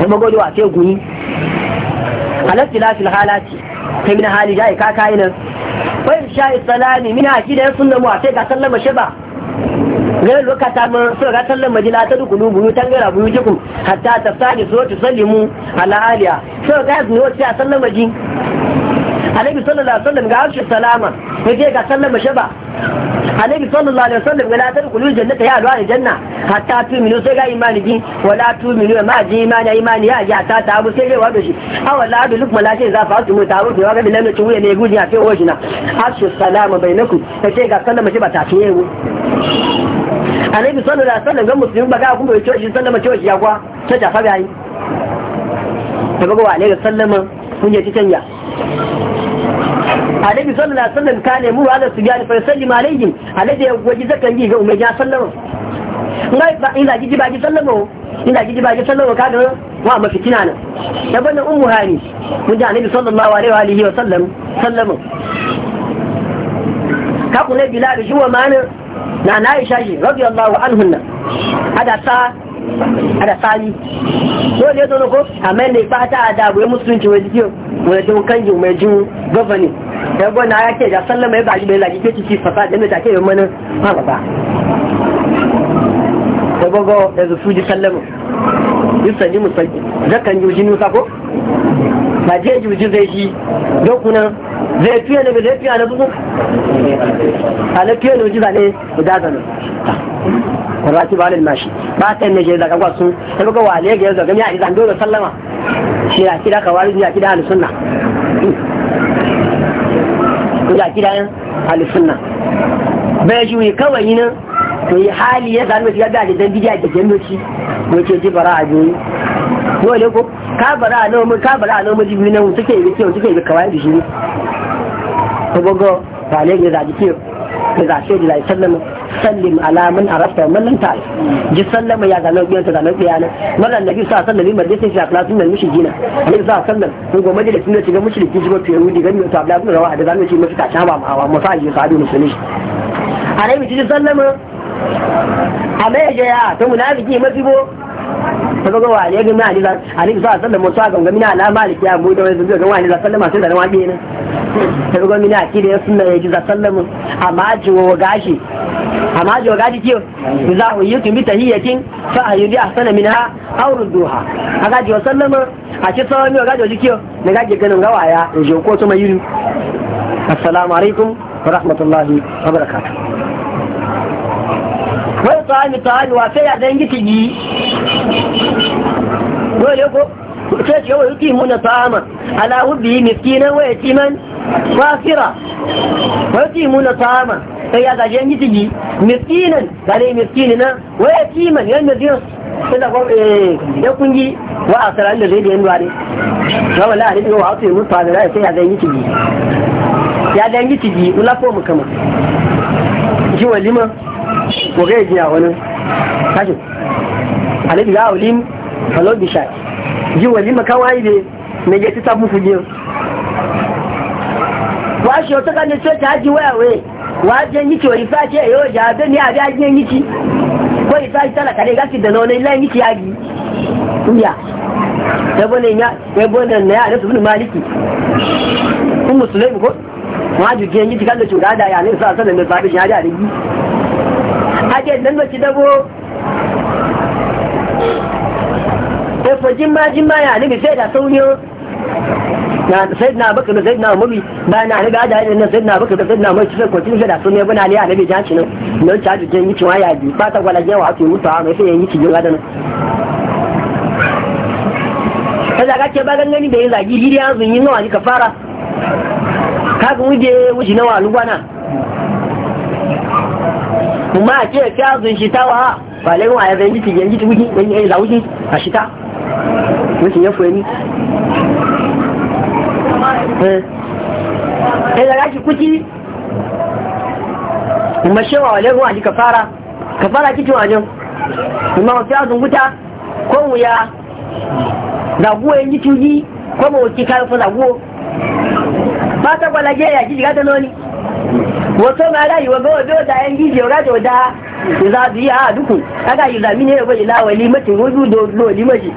ya magwado a sai guni halatti lafi halatti ta min hali kaka yi kakayi nan wani sha'i salami min haki da ya sunna mu a sai ga sallama shi ba غير لوكاتا من سورة تلم مدينة تدخلوا بيوتا غير بيوتكم حتى تستحدثوا وتسلموا على أهلها سورة غاز نوتي أسلم مدينة annabi sallallahu alaihi wasallam ga harshe salama yaje ga shaba annabi sallallahu alaihi wasallam ga latar jannata ya alwa janna hatta tu minu sai ga imani ji wala tu minu ma ji imani imani ya ya ta ta abu sai ga wado a aw la bi lukma la za fa tu mutawu to ga bilan ci wuya ne guji a sai wajina harshe salama bainakum yaje ga shaba ta annabi sallallahu alaihi wasallam ga musulmi ba ga kuma ya coci sallama coci ya kwa ta jafa ga yi ta ga wa alaihi sallama kun yi canja annabi sallallahu alaihi wasallam ka ne mu ala su gani fa sallim alaihim alaihi waji zakan yi ga umma ya sallama ngai ba ina gidi ba gi sallama ina gidi ba gi sallama ka ga wa mafitina nan da bana ummu hani mun ji annabi sallallahu alaihi wa alihi wa sallam sallama ka kula bilal shi wa mana na na aisha shi radiyallahu anhunna ada a da sani so ne zo ko mai ne fata da goyi musulunci wai jiyo wai don kanji mai jin ya da na ya ke da sallama mai baji mai lagi ke ci fasa da mai take yi mana ba ba da gogo da su ji sallama yi ni musulunci zakan yi jinu sako na je juji zai shi don kuna zai fiye da zai fiye na bugu a na fiye da jiza ne guda zanu kwarati ba lalma shi ba ta yin najeriya daga gwasu ta buga wale ga yanzu gami a izan dole sallama shi ya kira kawari ya kira alisunna ya kira yan alisunna bai juyi kawai yi nan to yi hali ya zanu ya ga da dan bidiya da jami'oci wace jibara a biyu yau ne ko ka bara a nomi ka bara a nomi jibi na wuce ke ibikiyo suke yi kawai da shi ne ta gogo ba ne ga zaji kiyo ga zashe da zai sallama sallim alamun a rafa mallan ta ji sallama ya zanen biyan ta zanen biya na wannan nabi sa sallami majalisar shi a klasun da mushi gina ne sa sallam ko goma da sun shiga mushriki shi ba fiye wudi gani ta abu da abin rawa da zanen shi mafi kaci ma ma'awa masu ajiye su adu musulmi a rai ji sallama a mai ya ta munafiki mafi bo ta ga wa ne gina ali ali sa sallan mu sa ganga mina ala maliki ya mu da wani zuwa ga wani da sallama sai da wani ne ta ga mina ki da sunna ya ji da sallamu amma ji wa gashi amma ji wa gashi kiyo za hu yi kin bi tahiyatin fa ayyudi ahsana minha aw rudduha aga ji wa sallama a ci sawa mi wa gaji kiyo ne gaji ganin gawaya je ko to mai yi assalamu alaikum wa rahmatullahi wa barakatuh wai tsami tsami wa sai ya dan tigi dole ko sai ce wa yuki muna ta'ama ala hubbi miskinan wa yatiman fasira wa yuki muna ta'ama sai ya gaje ni tigi miskinan gare miskinina wa yatiman yanda dios sai da gobe eh, ya kungi wa asara da zai da yanwa ne ga wala ari wa su mun fa da sai ya gaje ni tigi ya gaje ni tigi ula ko mu kama ji walima ko ga ji a wani kashi alif ya olim halon bisha ji wani makawa ne mai yi ta mufu ne wa shi wata kanin ce ta ji waya wai wa ji yanyi ce wa ifa ce yau jabe ni ne a ga ji yanyi ci ko ifa ji tana kare gasi da nauna ilayen yi ci ya gi ya ya bane ya ya bane na ya da bin maliki kun musulai ko wa ji ji yanyi ci kan da cuta da ya sa su a sanar da shi ya ji a rigi a ce nan da dabo ya fa jimma jimma ya nabi sai da sauri na sayyidina baka da sayyidina umari bayan na riga da yana sayyidina baka da sayyidina umari sai kwatin sai da sunan bana ne annabi ja shi nan nan ta ji yin cewa ya bi ba ta gwala jawa ake mutuwa mai sai yin cikin gadan ta zaga ce ba gangani da yin zagi gidi ya zun yi nawa ni ka fara ka ga wuje wuce nawa lugwana kuma a ce ka zun shi tawa ba lai wa ya zan yi cikin yi cikin yi zauki a shi ta mọ́sí yẹn fún ẹni ẹ eh. eh, daga shi kuci mashewa wa legon aji kafara kafara ki kicin wajen kuma wasu ya zunguta ko mu ya zaguwa yin jituji ko mawuci kayan fi zaguwa ba ta kwalage ya ji shiga ta noni wato ma rayuwa ga wajen da yan gizi ya rajo da iza biya a duku aga yi zami ne bai ila wali mati wudu do do limaji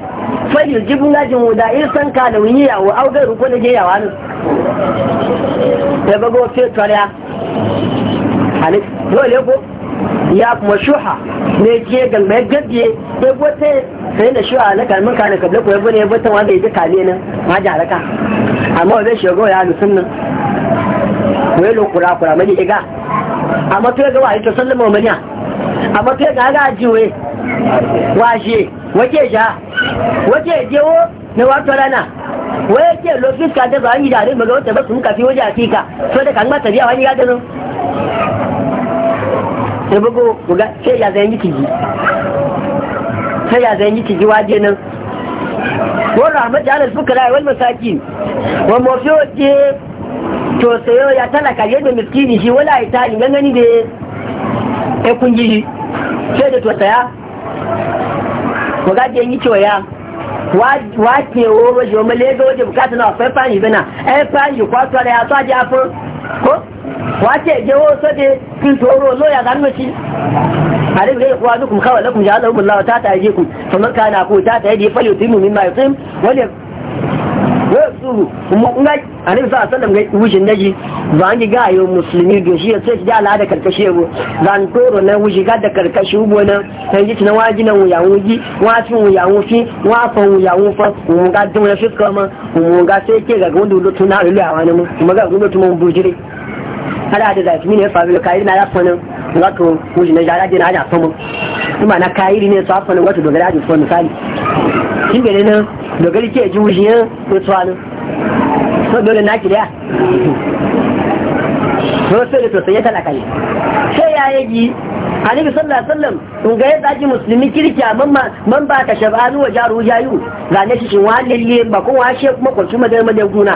fai yi jibin gajin wuda in san ka da wuni yawo auga ruko na je yawa nan ya bago fe toriya ale dole ko ya kuma shuha ne ke gamba ya gajiye ya gote sai da shuha na kalmin ka na kabla ko ya bane ya bata wanda ya ji kame nan ma jaraka amma wanda shago ya lusun nan wai lokura kura ya ga amma to ya ga wa ita sallama wa maniya amma kai ga ga jiwe washe wace ja wake jewo na wato rana waye ke lokacin ka da ba yi dare maga wata ba sun kafi waje akika so da kan mata biya wani ya gano sai bugo buga sai ya zan yi kiji sai ya zan yi kiji waje nan wa rahmat ala al-fukara wal masakin wa mafiyo ce to sayo ya talaka yadda miskini shi wala ita gangani da sai kun yi shi sai da tuwata ya ko gaje yi cewa ya wa ke woro shi wani lega waje bukata na akwai fani bana ai eh, fani da ya to aje afin ko wa ce je wo so de kin toro ya shi kuwa duk mu kawai lakum ta ta kana ku ta ta fa yutimu mimma yutim wasu kuma nga annabi sa sallam ga wujin daji, zan ji ga yo musulmi do shi ya sai da ala da karkashi yabo zan toro na wuji ga da karkashi ubo na sai ji tunan waji nan ya wuji wa wufi wufa ga dun na fiska ma mu ga sai ke ga gundu a wani mu kuma ga gundu bujire ala da zafi ne fa bil kairi na ya fana wato kuji na jara dina ja sama kuma na kairi ne sa fana wato dogara ji fana misali shi gare nan dogari ke ji wujiya ko tsalo so dole na ki da so sai to sai ta lakai sai ya yi Annabi sallallahu alaihi wasallam in ga yadda ake musulmi kirki a mamma man ba ka shabanu wa jaru jayu zane shi shin wani ne ba kun washe kuma kwanci madar madar guna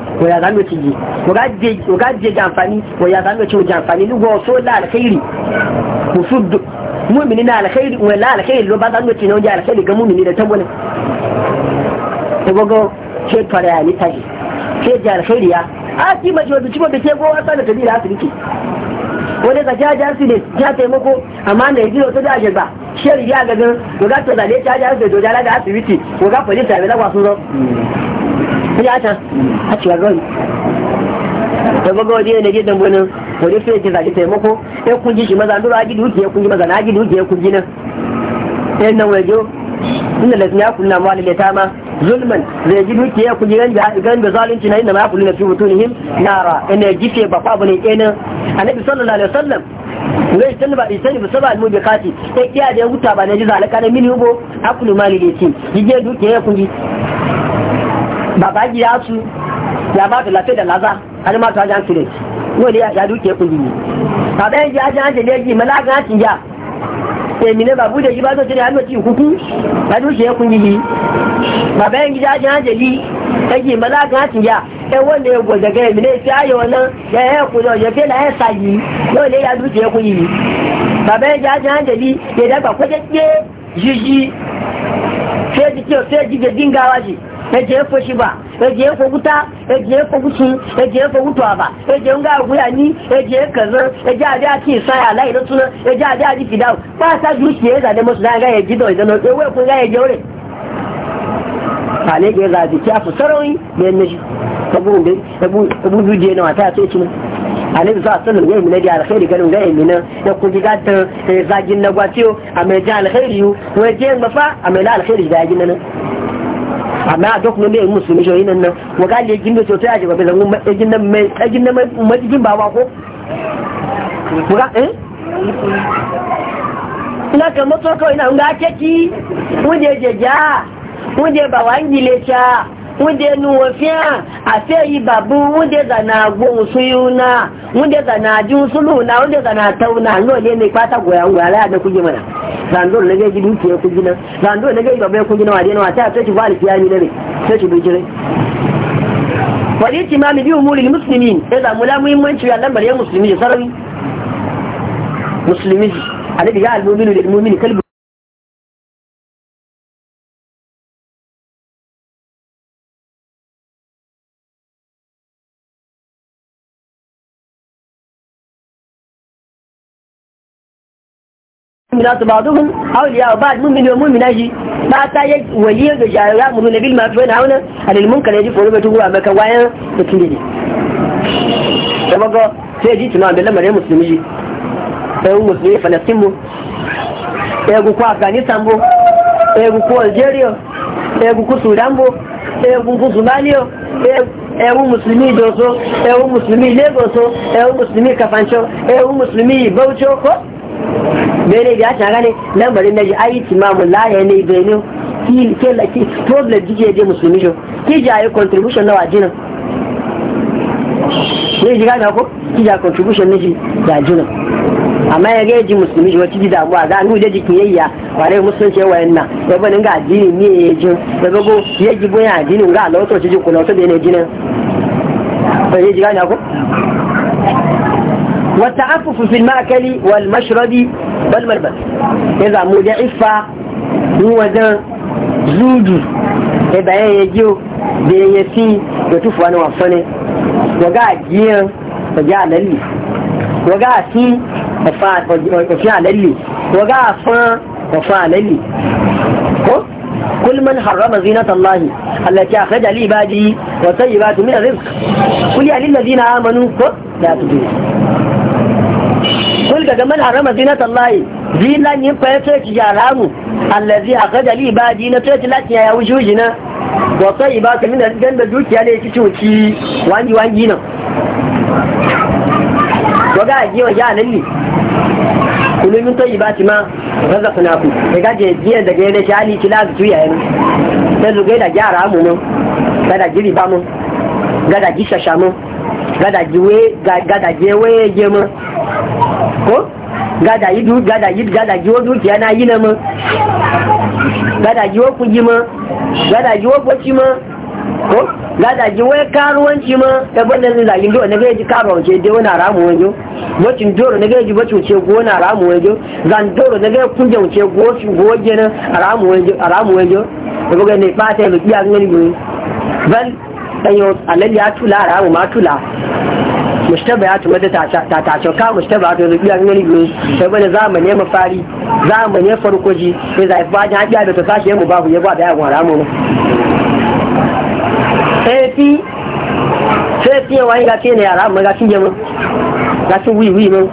ko ya zama ci ji ko ga je amfani ko ya zama ci ji amfani ni go so la alkhairi musud mu'mini na alkhairi wa la alkhairi lo ba zama ci ne wajen alkhairi ga mu'mini da tabbana ko gogo ce fara ni tashi ce ji alkhairi ya a ki ma ji wajen cibo da ke gowa sa da kabila asibiti wani ka caji accident ya taimako amma da yanzu wata da ba ya ga gan ga ta zale caji accident dojala da asibiti ko ga polisa bai lagwa sun zo bid'ata a cewa gani da gogo waje ne gidan bonin wani fiye ce zaki taimako ya kunji shi maza ndura aji dukiya kunji maza na aji dukiya kunji nan ɗayan nan wajo inda da ya kunna ma da leta ma zulman zai ji dukiya kunji gan da zalunci na inda ma ya kunna fi mutunihim nara ina gife ba fa bane kenan annabi sallallahu alaihi wasallam zai tun ba isani ba saba almu bikati sai kiya da ya huta ba na ji zalaka na mini hubo akulu mali da yake yige dukiya kunji bàbá yìí á tu yàbá tó làfẹ́ dà lázà alimọ́tò ajá ń tirẹ̀ wọ́n lè yàdú kẹ́ kùn yìí bàbá yìí ajá ń tẹ̀lé yìí mọ́lá gan ti yà èmi ní bàbá yìí bá tó tẹ̀lé àmì tí kúkú yàdú kẹ́ kùn yìí bàbá yìí ajá ń tẹ̀lé yìí mọ́lá gan ti ya ẹwọ́ lè gbọ̀ gẹ̀gẹ́ èmi ní ìfẹ́ ayọ̀ náà yẹ̀ẹ́ kùn náà yẹ̀fẹ́ là ẹ̀ eje fo shiba eje fo guta eje fo guci eje fo gutuwa ba eje nga guya ni eje kaza eje ade a ti saya lai da tuna eje ade a ji fidau ba sa duki ya zade musu da ga gido idan no ewe kun ga ya kale ga za ji ta sarawi da ne shi abu da abu abu duje na wata ce ci alaihi za sallam yayi minadi alkhairi ganin ga yayi nan ya ku diga ta eh, zagin na gwatiyo a mai ja alkhairi wajen mafa a mai la alkhairi da yayi nan amma a duk ne musulmi shoyi nan nan wa ga le gindo to a jiba bezan mun tsagin nan mai tsagin nan mai jigin ba ko ku ga eh ina kan mutaka ina ga keki mun je je ja mun je ba wangi le cha wunde nuwa fiya a yi babu wunde da na gbohun suyu na wunde da na ji sulu na wunde da na tauna ngo ne mai kwata goya goyan laya da kuje mana zando na gaji dukiyar kuji nan zando na gaji babbai kuji na wade na wata ta ci bali fiya ni ne ta ci bujire wadi ci mami bi umuri muslimin ya zamu la muhimmanci ya lambar ya musulmi da sarawi musulmi annabi ya al-mu'minu lil-mu'mini kalbu mu'minatu ba'dhum awliya ba'd mu'min wa mu'mina ji ba ta yi waliyar da jayara mu'min bil ma'ruf wa nahuna anil munkar yaji ko rubutu ba maka wayan mutum ne kuma ga sai ji tuma da lamarin musulmi ji sai musulmi falastin mu sai ku ko afghanistan mu sai ku algeria sai ku ku sudan mu sai ku ku somalia ẹ̀wù musulmi ìdòso ẹ̀wù musulmi lagos ẹ̀wù musulmi kafancho ẹ̀wù musulmi Bauchi kọ́ bene ya ta gane lamarin na ji ayi timamu la ya ne benin ki ke la ki problem dije je musulmi jo ki ja yi contribution na wajina ne ji gane ko ki ja contribution ne ji da jina amma ya ga ji musulmi jo ji damuwa ga nu da ji kiyayya ware musulunci wayan nan ya bani ga addini ne ya ji da gogo ya ji boyan addini ga lawato ci ji kula to bene jina ne ji gane ko والتعفف في المأكل والمشرب والملبس إذا مدعفة هو ذا زوج إذا يجيو يسي يتوفوا أنا وفني وقع جيا وجاء للي وقع سي وفيا للي وقع فا وفا للي كل من حرم زينة الله التي أخرج لعباده وطيبات من الرزق قل يا للذين آمنوا لا تدري kul daga man harama zinata Allah zinan yin fa yace ki haramu allazi a li ibadi na tace lati ya wujuji na wa sai ibaka min dan da dukiya ne ki cuci wangi wangi nan a ga ji wa janan ni kullu min tayyibati ma ku daga je jiya daga yadda shali kila su yayin sai zuga da gyara mu da kada jiri ba mun gada ji shasha mun gada ji we gada je we je ko gada yi du gada yi gada yi wo dukiya na yi na mu gada yi wo kuji mu gada yi wo goci mu ko gada yi wo karuwanci mu da e banda zai zagi do ne gaji karuwanci dai wani ramu wajo bocin doro ne gaji bocin ce go na ramu wajo zan doro ne gaji kunje wuce go shi go gena ramu wajo ramu wajo da e buga ne fata da kiyan ngani bal dan e yo alalya atula, ramu ma tula mushtabihatu madda ta ta shauka mushtabihatu yanzu biya ngani biyu sai bane za mu fari zamane farko ji sai zai ba da hakiya da ta sashi mu babu ya ba da ya gwara mu sai fi sai fi wani ga ne yara mu ga kinje mu ga su wi mu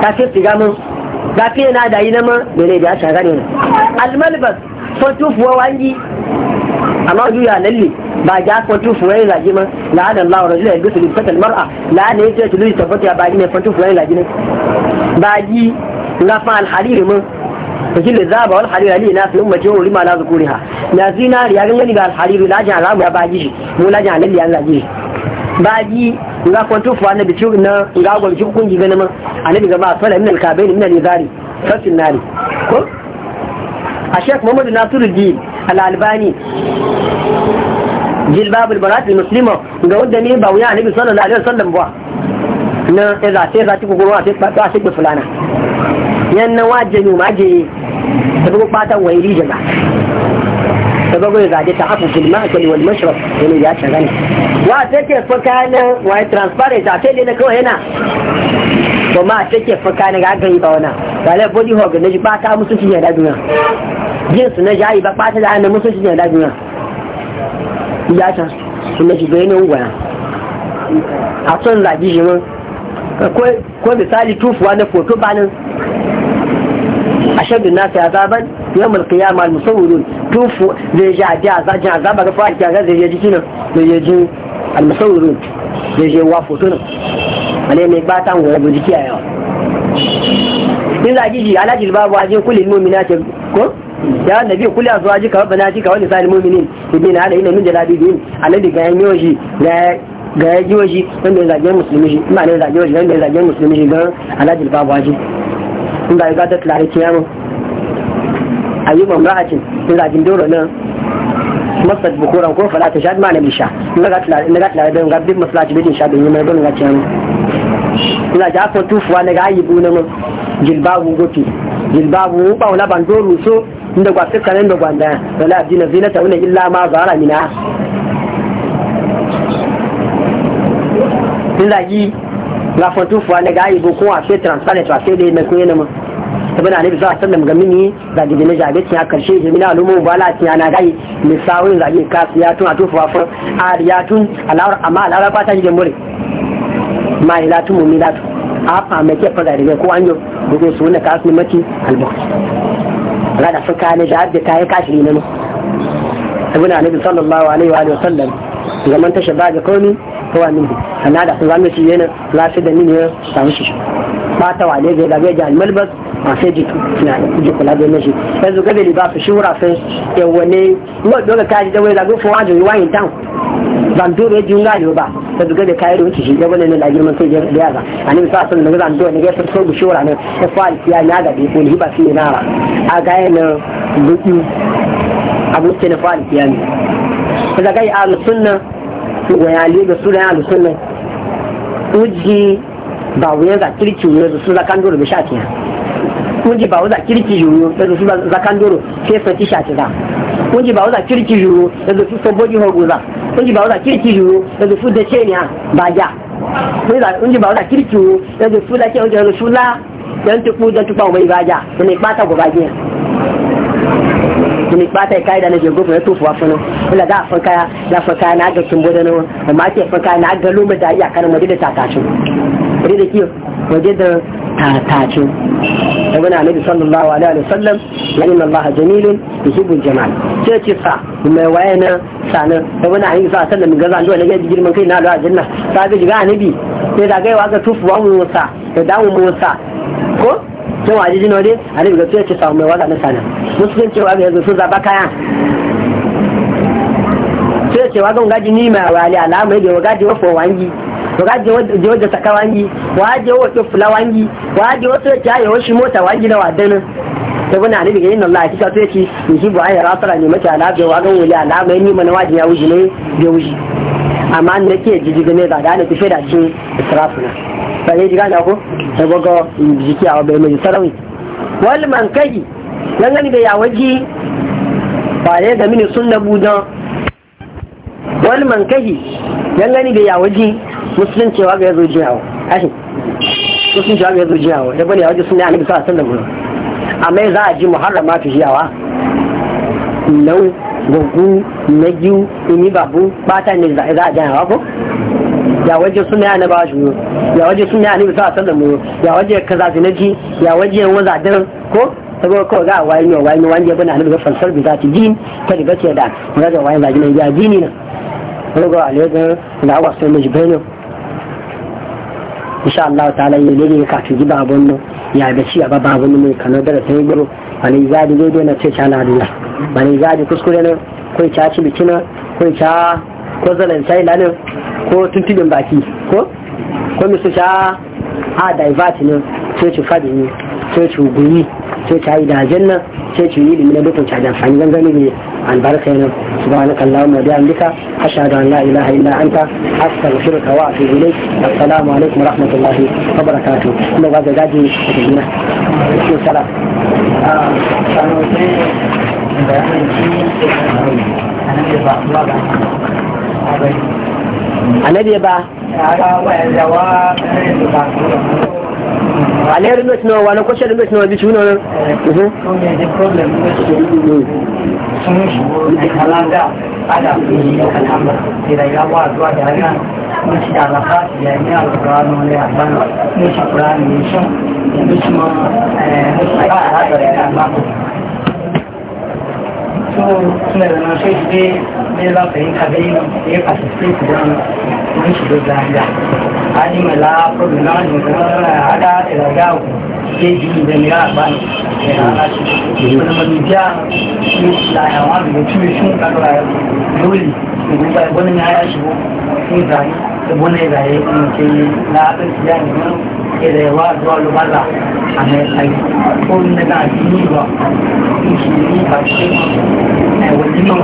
ga siga mu ga yana da yi na mu ne da ya shagane mu almalbas fa tufuwa wangi amma juya lalle ba ja ko tu fuwai la jima la ana Allah rajul ya gusu fatal mar'a la ne yace tu lili tabbata ba ji ne fantu fuwai la jina ba ji la fa al harir mun za zaba wal harir ali na fi ummati wa lima la zukuriha na zina ya gangani ga al harir la ja la ba ji mu la ja lalle Allah ji ba ji ga tu fuwa na bici na ga gwa kun ji ga ma annabi ga ba fara min al kabain min al izari fasin nari ko a shek muhammadu nasiru al albani jilbabul baratil muslima ga wanda ne ba wuya annabi sallallahu alaihi wasallam ba na ya zace za ki gugurwa sai ba shi fulana yan na waje ne ma je da bugu fatan wairi jama da bugu ya zaje ta hafu fil ma'kal wal mashrab yana ya ta gani wa take faka na wa transparent a sai kawai yana to ma take faka na ga gari ba wana musu da jinsu na jayi ba ba ta da da yata su shi bayan yanayin gwaya a son labi shi man ko misali tufuwa na foto banin ashaddu nasu ya zaban yawon kiyama al-musawwirun tufu zai ji a biya a azaba ga fahimta a zai ji kinan zai je ji al-musawwirun zai je wa foto nan ale mai batan wa yabo jiki a yawa in zagi ji alajil babu ajin kulin mumina ce ko ya nabi kuli a zuwa jika wabba na jika wani sa'il muminin ibi na ala ina min jalabi biyu alabi ga yan yoshi ga ya ji washi wanda ya zage musulmi shi ma ne zage washi wanda ya zage musulmi shi don alajil babu waji in ga yuga da tulare kiyamu a ra'atin in zagin doro nan masjid bukuran ko fala ta shad ma nabi sha in ga tulare in ga tulare don gabbin masallaci bidin sha bin yi mai gani ga kiyamu ina ja ko tufuwa na ga ayyubu na mu jilbabu gofi jilbabu ba wala ban doro so inda kwa suka nan da gwanda da wala na zinata wani illa ma zara mina tun da yi ga fantu fuwa na gayi bu ko a sai transparent wa sai da na koyi na ma tabana annabi za a sallam ga mini da gidi na jabe tiya karshe ga mina alumu ba la tiya na gai misawin zagi kasiya tun a tufuwa fa ariyatun alawar amma alawar fata ji jamhuri ma ilatu mu milatu a fa mai ke fada da ko an yi bugun su wani kasu mati albukhari ala da fuka ne da ta yi kashi ne na sallallahu alaihi wa sallam zaman ta shaba ga komi ana da su zamu shi yana lafi da ni ne samu shi ba ta wale ga ga sai ji na ji kula da nashi yanzu ga da libafi shura dole da wai da ban dole ji ba ta zuga da kayan wuce shi gaba ne da girman sai da yaza ani ne sa sun daga zan dole ne ga sai so gushura ne ta fa'al ya na ga bi ko hiba fi nara a ga yana duki abu ce na fa'al ya ne ta ga ya al sunna wa ya li da sura al sunna uji ba wuya za kirki ne su za kan dole bi shatiya uji ba wuya kirki wuya su za kan dole sai fa ti shatiya wọ́n bá wọ́n sà kiriki yòrò ẹ̀dọ̀ fún sọ́bọ́dì ọ̀gbọ̀nà kirki bá da sà kiriki yòrò ẹ̀dọ̀ fún dẹ́kẹ́ ni à bàjá wọ́n bá wọ́n sà kiriki yòrò ẹ̀dọ̀ fún dẹ́kẹ́ ọ̀jọ̀ ẹ̀dọ̀ fún lá yẹn tó ba dẹ́tú pa ọmọ ìbàjá ẹ̀mí ba gbọ̀ bàjẹ́ tuni bata kai da nake gobe ya to wa fana ila da afan da afan na ga kimbo da nawa amma ake afan na ga lumar da iya karin madina ta tashi da kiyo waje da tatacin ibn annabi sallallahu alaihi wasallam wa inna allaha jamilun yuhibbul jamal ce sa mai waye na sallallahu alaihi wasallam ga zan girman kai na da janna ta ga annabi sai da gaiwa ga tufu wa da dawo ko waje jino dai annabi ga ce sa mai na yanzu sun kaya sai ce waje wajen saka wangi waje wato fula wangi waje wasu ya kyaye wasu mota wangi na wadanin ta guna alibi ga yin Allah kika sai ci in shi ba ya rasara ne mace alaɓe wa gan wuli alaɓe ni mana wajen ya wuji ne bai wuji amma ne ke jiji ne zaga ne tafi da ci israfuna ba ne jiga na ko ta gogo jiki a bai mai sarawi wal man kai nan gani bai ya waji ba ne da mini sunna budan wal man kai nan gani bai ya waji musulunci wa ga ya zo jihawa ashe musulunci wa ga ya zo jihawa da bane wajen suna annabi sallallahu alaihi wasallam amma za a ji muharrama ta jihawa nau gugu na biyu imi babu bata ne za a jihawa ko ya waje suna ya annabawa shi ya waje suna ya annabi sallallahu alaihi wasallam ya waje kaza zinaji ya waje wazadan ko saboda kawai za a wayi ne wayi ne wani ya a nufi ga fansar bi za ta ji ta riga ce da wani ga wayi zagi ne ya dini na. Rugo a da na sai mu insha Allah ta'ala yi ne ka tuji babun nan ya da shi ba babun mai kano da ta yi guru bane zadi zai dena ce cha ladula bane zadi kuskure ne ko cha ci bikina ko cha ko zalan sai lanin ko tuntubin baki ko ko misu cha a divert ne ce ci fadi ne ce ci guri ce ci yi da janna ce ci yi da mina dukkan cha da fani gangane ne عن بارك يعني سبحانك اللهم وبحمدك أشهد أن لا إله إلا أنت أستغفرك وأتوب إليك السلام عليكم ورحمة الله وبركاته kuma ba ga gaji da juna cikin sala annabi ba alherin mai sinawa wani kwashe da mai sinawa bi suna nan mushi da alaƙa ya yi alƙuranu ne a bana mushi ƙuranu ne shan mushi ma a haɗa da ya ba so suna da nan sai dai ne za ka yi ka dai ya participate don mun shi da da ani mala problem na mun da ada da ga ku ke ji da ne ga ba ne na na shi kuma mun ja shi la ya wa da shi shi ka ìbúlẹ̀ ìgbàyé ń ṣe láàrín ìyá ìmú ìrẹ̀ wá àdúrà ló bá là àmì ẹ̀ka yìí ó ń nẹ́ka àti ní ìwà ìṣù ní ìbàṣẹ́ ẹ̀wọ̀ nínú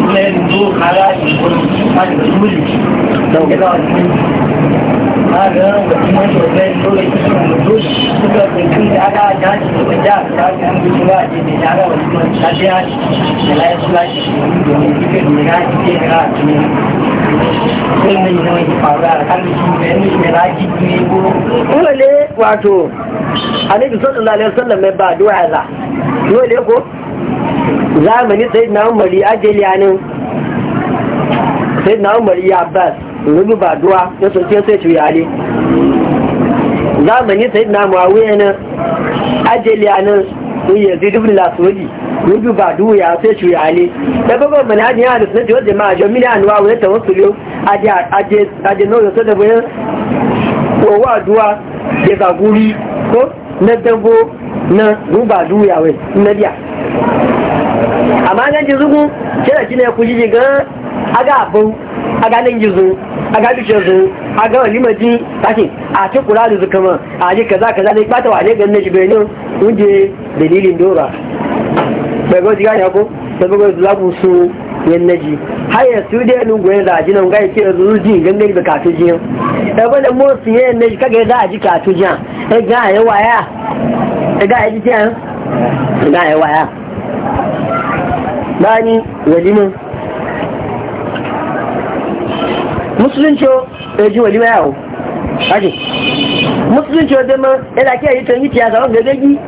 ìlú bó ara ìbò láti magana da kuma shugaban dole aka a wato annabi sallallahu alaihi wasallam mai ba du'a za dole ko zamani sayyidina umar ya ajeliya ne sai na umar ya bas wani ba duwa ya soke sai ci zamani sai na muawiya nan ajali nan sun yanzu dubu lasodi wani ba ya sai ci Ya da bagon manajin ya halittu na jiwar jama'a jami'in anuwa wani tawassuliyo aje nau'in so da bayan kowa duwa ya zaguri ko na dango na ruba duya wai na biya amma nan ji zugun kira shi ne ku ji ga aga abu aga nan gizo aga dushe zo aga wani maji tashi a ci kura da zuka ma a ji kaza kaza da bata wa ne na nan jibe ne wunde dalilin dora bai ga jiga ya ko da bugo zabu su yan naji har ya su da nun goyen da ajinan ga yake zuzu ji gangan da kafin jiyan da ba da motsi yan naji kaga za a ji kafin jiyan ai ga ya waya ga ya ji jiyan ga ya waya bani walimin musulunci eji wali yawo, ake musulunci wadda ma yana kiyaye ta yi tiya zama gagagi